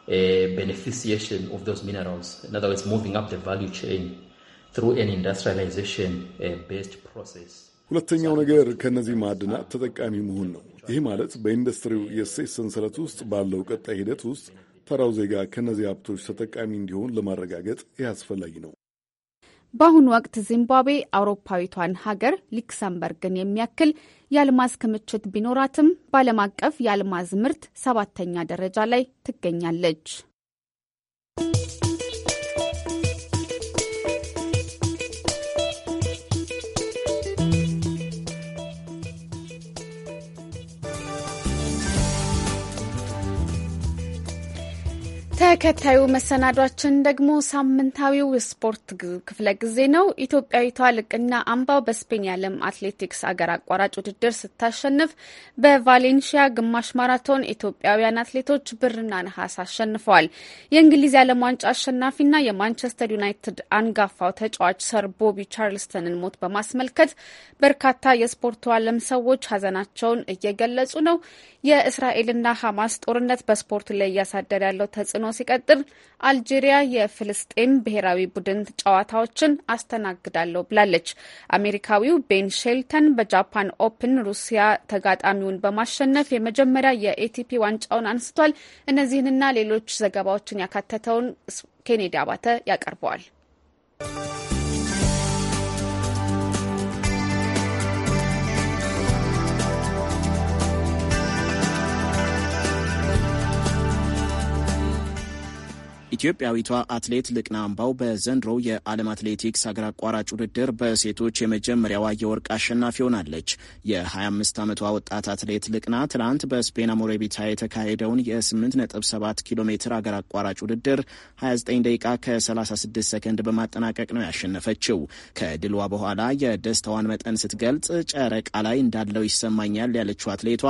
a beneficiation of those minerals. In other words, moving up the value chain through an industrialization-based process. ሁለተኛው ነገር ከእነዚህ ማዕድናት ተጠቃሚ መሆን ነው። ይህ ማለት በኢንዱስትሪው የእሴት ሰንሰለት ውስጥ ባለው ቀጣይ ሂደት ውስጥ ተራው ዜጋ ከእነዚህ ሀብቶች ተጠቃሚ እንዲሆን ለማረጋገጥ ይህ አስፈላጊ ነው። በአሁኑ ወቅት ዚምባብዌ አውሮፓዊቷን ሀገር ሊክሰምበርግን የሚያክል የአልማዝ ክምችት ቢኖራትም በዓለም አቀፍ የአልማዝ ምርት ሰባተኛ ደረጃ ላይ ትገኛለች። ተከታዩ መሰናዷችን ደግሞ ሳምንታዊው የስፖርት ክፍለ ጊዜ ነው። ኢትዮጵያዊቷ ልቅና አምባው በስፔን የዓለም አትሌቲክስ አገር አቋራጭ ውድድር ስታሸንፍ በቫሌንሺያ ግማሽ ማራቶን ኢትዮጵያውያን አትሌቶች ብርና ነሐስ አሸንፈዋል። የእንግሊዝ የዓለም ዋንጫ አሸናፊና የማንቸስተር ዩናይትድ አንጋፋው ተጫዋች ሰር ቦቢ ቻርልስተንን ሞት በማስመልከት በርካታ የስፖርቱ ዓለም ሰዎች ሀዘናቸውን እየገለጹ ነው። የእስራኤልና ሐማስ ጦርነት በስፖርቱ ላይ እያሳደረ ያለው ተጽዕኖ ሲቀጥል አልጄሪያ የፍልስጤም ብሔራዊ ቡድን ጨዋታዎችን አስተናግዳለሁ ብላለች። አሜሪካዊው ቤን ሼልተን በጃፓን ኦፕን ሩሲያ ተጋጣሚውን በማሸነፍ የመጀመሪያ የኤቲፒ ዋንጫውን አንስቷል። እነዚህንና ሌሎች ዘገባዎችን ያካተተውን ኬኔዲ አባተ ያቀርበዋል። ኢትዮጵያዊቷ አትሌት ልቅና አምባው በዘንድሮው የዓለም አትሌቲክስ አገር አቋራጭ ውድድር በሴቶች የመጀመሪያዋ የወርቅ አሸናፊ ሆናለች። የ25 ዓመቷ ወጣት አትሌት ልቅና ትናንት በስፔን አሞሬቢታ የተካሄደውን የ8.7 ኪሎ ሜትር አገር አቋራጭ ውድድር 29 ደቂቃ ከ36 ሰከንድ በማጠናቀቅ ነው ያሸነፈችው። ከድሏ በኋላ የደስታዋን መጠን ስትገልጽ ጨረቃ ላይ እንዳለው ይሰማኛል ያለችው አትሌቷ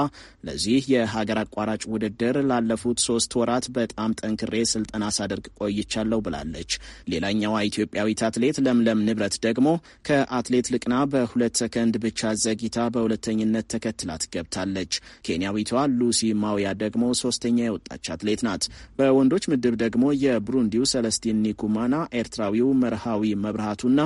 ለዚህ የሀገር አቋራጭ ውድድር ላለፉት ሶስት ወራት በጣም ጠንክሬ ስልጠና ሳደርግ ስጠብቅ ቆይቻለሁ ብላለች። ሌላኛዋ ኢትዮጵያዊት አትሌት ለምለም ንብረት ደግሞ ከአትሌት ልቅና በሁለት ሰከንድ ብቻ ዘግይታ በሁለተኝነት ተከትላት ገብታለች። ኬንያዊቷ ሉሲ ማውያ ደግሞ ሶስተኛ የወጣች አትሌት ናት። በወንዶች ምድብ ደግሞ የብሩንዲው ሰለስቲን ኒኩማና፣ ኤርትራዊው መርሃዊ መብርሃቱና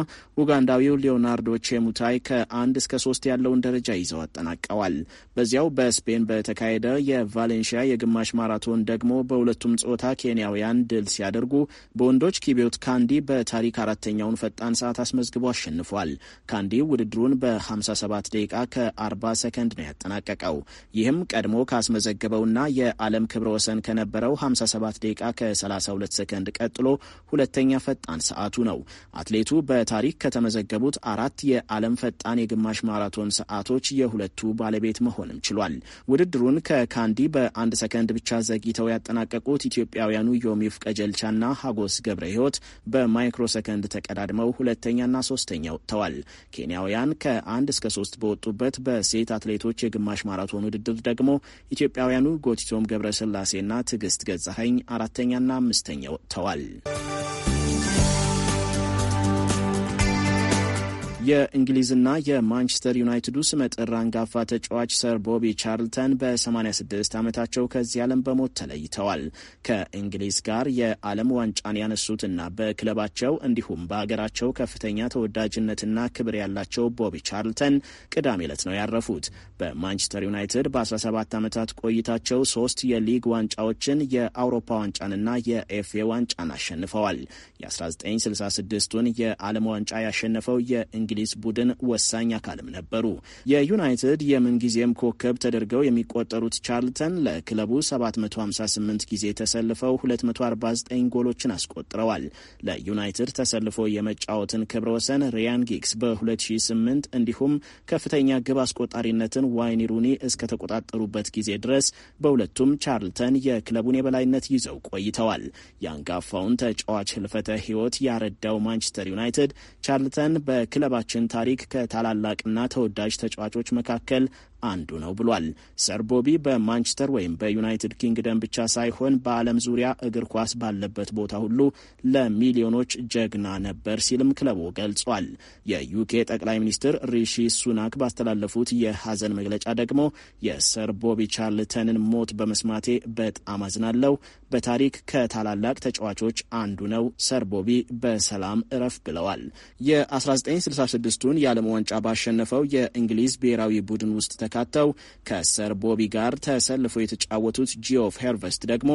ኡጋንዳዊው ሊዮናርዶ ቼሙታይ ከአንድ እስከ ሶስት ያለውን ደረጃ ይዘው አጠናቀዋል። በዚያው በስፔን በተካሄደ የቫሌንሺያ የግማሽ ማራቶን ደግሞ በሁለቱም ጾታ ኬንያውያን ድል ሲያ ሲያደርጉ በወንዶች ኪቤዎት ካንዲ በታሪክ አራተኛውን ፈጣን ሰዓት አስመዝግቦ አሸንፏል። ካንዲ ውድድሩን በ57 ደቂቃ ከ40 ሰከንድ ነው ያጠናቀቀው። ይህም ቀድሞ ካስመዘገበውና የዓለም ክብረ ወሰን ከነበረው 57 ደቂቃ ከ32 ሰከንድ ቀጥሎ ሁለተኛ ፈጣን ሰዓቱ ነው። አትሌቱ በታሪክ ከተመዘገቡት አራት የዓለም ፈጣን የግማሽ ማራቶን ሰዓቶች የሁለቱ ባለቤት መሆንም ችሏል። ውድድሩን ከካንዲ በአንድ ሰከንድ ብቻ ዘግይተው ያጠናቀቁት ኢትዮጵያውያኑ ዮሚፍ ቀጀ ኢሬልቻና ሀጎስ ገብረ ህይወት ሰከንድ ተቀዳድመው ሁለተኛና ሶስተኛ ወጥተዋል። ኬንያውያን ከአንድ እስከ ሶስት በወጡበት በሴት አትሌቶች የግማሽ ማራቶን ውድድር ደግሞ ኢትዮጵያውያኑ ጎቲቶም ገብረ ስላሴና ትዕግስት ገዛሀኝ አራተኛና አምስተኛ ወጥተዋል። የእንግሊዝና የማንቸስተር ዩናይትዱ ስመጥር አንጋፋ ተጫዋች ሰር ቦቢ ቻርልተን በ86 ዓመታቸው ከዚህ ዓለም በሞት ተለይተዋል። ከእንግሊዝ ጋር የዓለም ዋንጫን ያነሱትና በክለባቸው እንዲሁም በአገራቸው ከፍተኛ ተወዳጅነትና ክብር ያላቸው ቦቢ ቻርልተን ቅዳሜ ዕለት ነው ያረፉት። በማንቸስተር ዩናይትድ በ17 ዓመታት ቆይታቸው ሶስት የሊግ ዋንጫዎችን የአውሮፓ ዋንጫንና የኤፍኤ ዋንጫን አሸንፈዋል። የ1966ቱን የዓለም ዋንጫ ያሸነፈው የእንግሊዝ የእንግሊዝ ቡድን ወሳኝ አካልም ነበሩ። የዩናይትድ የምንጊዜም ኮከብ ተደርገው የሚቆጠሩት ቻርልተን ለክለቡ 758 ጊዜ ተሰልፈው 249 ጎሎችን አስቆጥረዋል። ለዩናይትድ ተሰልፎ የመጫወትን ክብረ ወሰን ሪያን ጊግስ በ2008 እንዲሁም ከፍተኛ ግብ አስቆጣሪነትን ዋይኒ ሩኒ እስከተቆጣጠሩበት ጊዜ ድረስ በሁለቱም ቻርልተን የክለቡን የበላይነት ይዘው ቆይተዋል። የአንጋፋውን ተጫዋች ህልፈተ ህይወት ያረዳው ማንቸስተር ዩናይትድ ቻርልተን በክለብ በክለባችን ታሪክ ከታላላቅና ተወዳጅ ተጫዋቾች መካከል አንዱ ነው ብሏል። ሰር ቦቢ በማንቸስተር ወይም በዩናይትድ ኪንግደም ብቻ ሳይሆን በዓለም ዙሪያ እግር ኳስ ባለበት ቦታ ሁሉ ለሚሊዮኖች ጀግና ነበር ሲልም ክለቡ ገልጿል። የዩኬ ጠቅላይ ሚኒስትር ሪሺ ሱናክ ባስተላለፉት የሀዘን መግለጫ ደግሞ የሰር ቦቢ ቻርልተንን ሞት በመስማቴ በጣም አዝናለው። በታሪክ ከታላላቅ ተጫዋቾች አንዱ ነው። ሰር ቦቢ በሰላም እረፍ ብለዋል። የ1966ቱን የዓለም ዋንጫ ባሸነፈው የእንግሊዝ ብሔራዊ ቡድን ውስጥ ተካተው ከሰር ቦቢ ጋር ተሰልፈው የተጫወቱት ጂኦፍ ሄርቨስት ደግሞ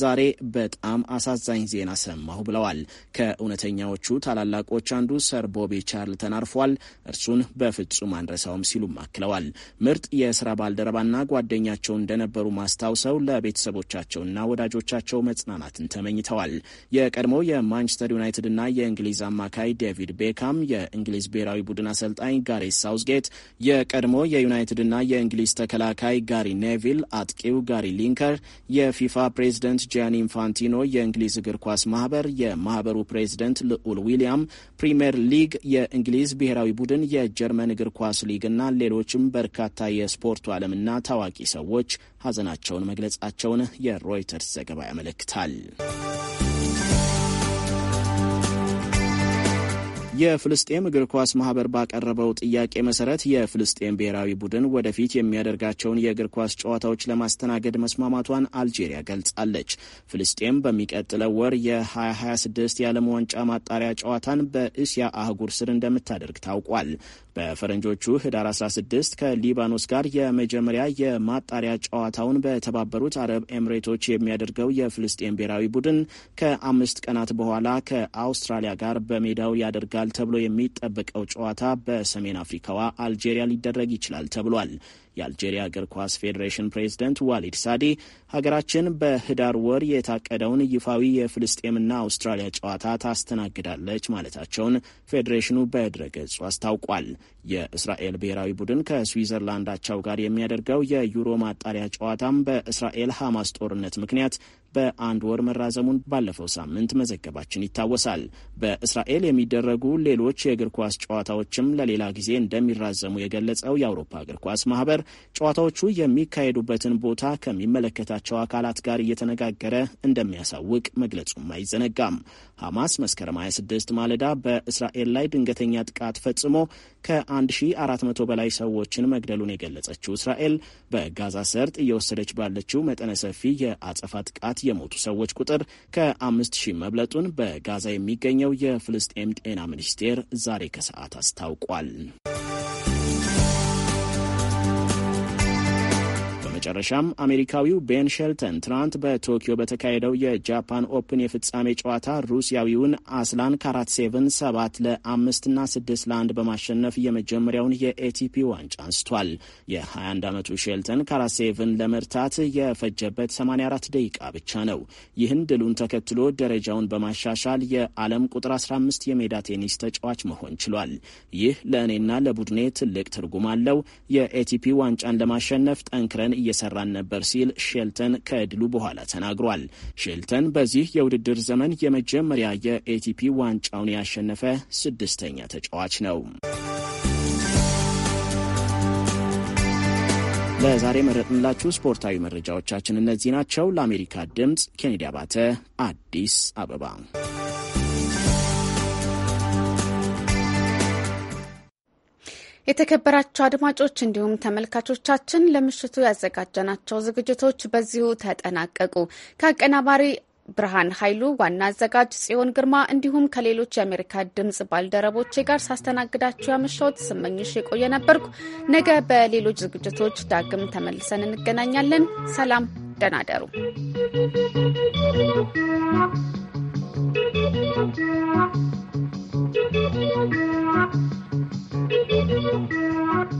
ዛሬ በጣም አሳዛኝ ዜና ሰማሁ ብለዋል። ከእውነተኛዎቹ ታላላቆች አንዱ ሰር ቦቢ ቻርልተን አርፏል። እርሱን በፍጹም አንረሳውም ሲሉም አክለዋል። ምርጥ የስራ ባልደረባና ጓደኛቸው እንደነበሩ ማስታውሰው ለቤተሰቦቻቸውና ወዳጆቻቸው መጽናናትን ተመኝተዋል። የቀድሞው የማንቸስተር ዩናይትድና የእንግሊዝ አማካይ ዴቪድ ቤካም፣ የእንግሊዝ ብሔራዊ ቡድን አሰልጣኝ ጋሬት ሳውዝጌት፣ የቀድሞ የዩናይትድና የእንግሊዝ ተከላካይ ጋሪ ኔቪል፣ አጥቂው ጋሪ ሊንከር፣ የፊፋ ፕሬዝደንት ጂያኒ ኢንፋንቲኖ፣ የእንግሊዝ እግር ኳስ ማህበር፣ የማህበሩ ፕሬዝደንት ልዑል ዊሊያም፣ ፕሪምየር ሊግ፣ የእንግሊዝ ብሔራዊ ቡድን፣ የጀርመን እግር ኳስ ሊግ ና ሌሎችም በርካታ የስፖርቱ ዓለምና ታዋቂ ሰዎች ሀዘናቸውን መግለጻቸውን የሮይተርስ ዘገባ ያመለክታል። የፍልስጤም እግር ኳስ ማህበር ባቀረበው ጥያቄ መሰረት የፍልስጤም ብሔራዊ ቡድን ወደፊት የሚያደርጋቸውን የእግር ኳስ ጨዋታዎች ለማስተናገድ መስማማቷን አልጄሪያ ገልጻለች። ፍልስጤም በሚቀጥለው ወር የ2026 የዓለም ዋንጫ ማጣሪያ ጨዋታን በእስያ አህጉር ስር እንደምታደርግ ታውቋል። በፈረንጆቹ ህዳር 16 ከሊባኖስ ጋር የመጀመሪያ የማጣሪያ ጨዋታውን በተባበሩት አረብ ኤምሬቶች የሚያደርገው የፍልስጤን ብሔራዊ ቡድን ከአምስት ቀናት በኋላ ከአውስትራሊያ ጋር በሜዳው ያደርጋል ተብሎ የሚጠበቀው ጨዋታ በሰሜን አፍሪካዋ አልጄሪያ ሊደረግ ይችላል ተብሏል። የአልጄሪያ እግር ኳስ ፌዴሬሽን ፕሬዝደንት ዋሊድ ሳዴ ሀገራችን በህዳር ወር የታቀደውን ይፋዊ የፍልስጤምና አውስትራሊያ ጨዋታ ታስተናግዳለች ማለታቸውን ፌዴሬሽኑ በድረገጹ አስታውቋል። የእስራኤል ብሔራዊ ቡድን ከስዊዘርላንድ አቻው ጋር የሚያደርገው የዩሮ ማጣሪያ ጨዋታም በእስራኤል ሐማስ ጦርነት ምክንያት በአንድ ወር መራዘሙን ባለፈው ሳምንት መዘገባችን ይታወሳል። በእስራኤል የሚደረጉ ሌሎች የእግር ኳስ ጨዋታዎችም ለሌላ ጊዜ እንደሚራዘሙ የገለጸው የአውሮፓ እግር ኳስ ማህበር ጨዋታዎቹ የሚካሄዱበትን ቦታ ከሚመለከታቸው አካላት ጋር እየተነጋገረ እንደሚያሳውቅ መግለጹም አይዘነጋም። ሐማስ መስከረም 26 ማለዳ በእስራኤል ላይ ድንገተኛ ጥቃት ፈጽሞ ከ1400 በላይ ሰዎችን መግደሉን የገለጸችው እስራኤል በጋዛ ሰርጥ እየወሰደች ባለችው መጠነ ሰፊ የአጸፋ ጥቃት የሞቱ ሰዎች ቁጥር ከ5000 መብለጡን በጋዛ የሚገኘው የፍልስጤም ጤና ሚኒስቴር ዛሬ ከሰዓት አስታውቋል። በመጨረሻም አሜሪካዊው ቤን ሼልተን ትናንት በቶኪዮ በተካሄደው የጃፓን ኦፕን የፍጻሜ ጨዋታ ሩሲያዊውን አስላን ካራትሴቭን ሰባት ና ስድስት ለአንድ በማሸነፍ የመጀመሪያውን የኤቲፒ ዋንጫ አንስቷል። የ21 ዓመቱ ሼልተን ካራትሴቭን ለመርታት የፈጀበት 84 ደቂቃ ብቻ ነው። ይህን ድሉን ተከትሎ ደረጃውን በማሻሻል የዓለም ቁጥር 15 የሜዳ ቴኒስ ተጫዋች መሆን ችሏል። ይህ ለእኔና ለቡድኔ ትልቅ ትርጉም አለው። የኤቲፒ ዋንጫን ለማሸነፍ ጠንክረን እየ እየሰራን ነበር ሲል ሼልተን ከድሉ በኋላ ተናግሯል። ሼልተን በዚህ የውድድር ዘመን የመጀመሪያ የኤቲፒ ዋንጫውን ያሸነፈ ስድስተኛ ተጫዋች ነው። ለዛሬ መረጥንላችሁ ስፖርታዊ መረጃዎቻችን እነዚህ ናቸው። ለአሜሪካ ድምፅ ኬኔዲ አባተ አዲስ አበባ የተከበራቸው አድማጮች እንዲሁም ተመልካቾቻችን ለምሽቱ ያዘጋጀናቸው ዝግጅቶች በዚሁ ተጠናቀቁ። ከአቀናባሪ ብርሃን ኃይሉ ዋና አዘጋጅ ጽዮን ግርማ እንዲሁም ከሌሎች የአሜሪካ ድምጽ ባልደረቦቼ ጋር ሳስተናግዳችሁ ያመሻውት ስመኝሽ የቆየ ነበርኩ። ነገ በሌሎች ዝግጅቶች ዳግም ተመልሰን እንገናኛለን። ሰላም፣ ደህና ደሩ። thank uhum. you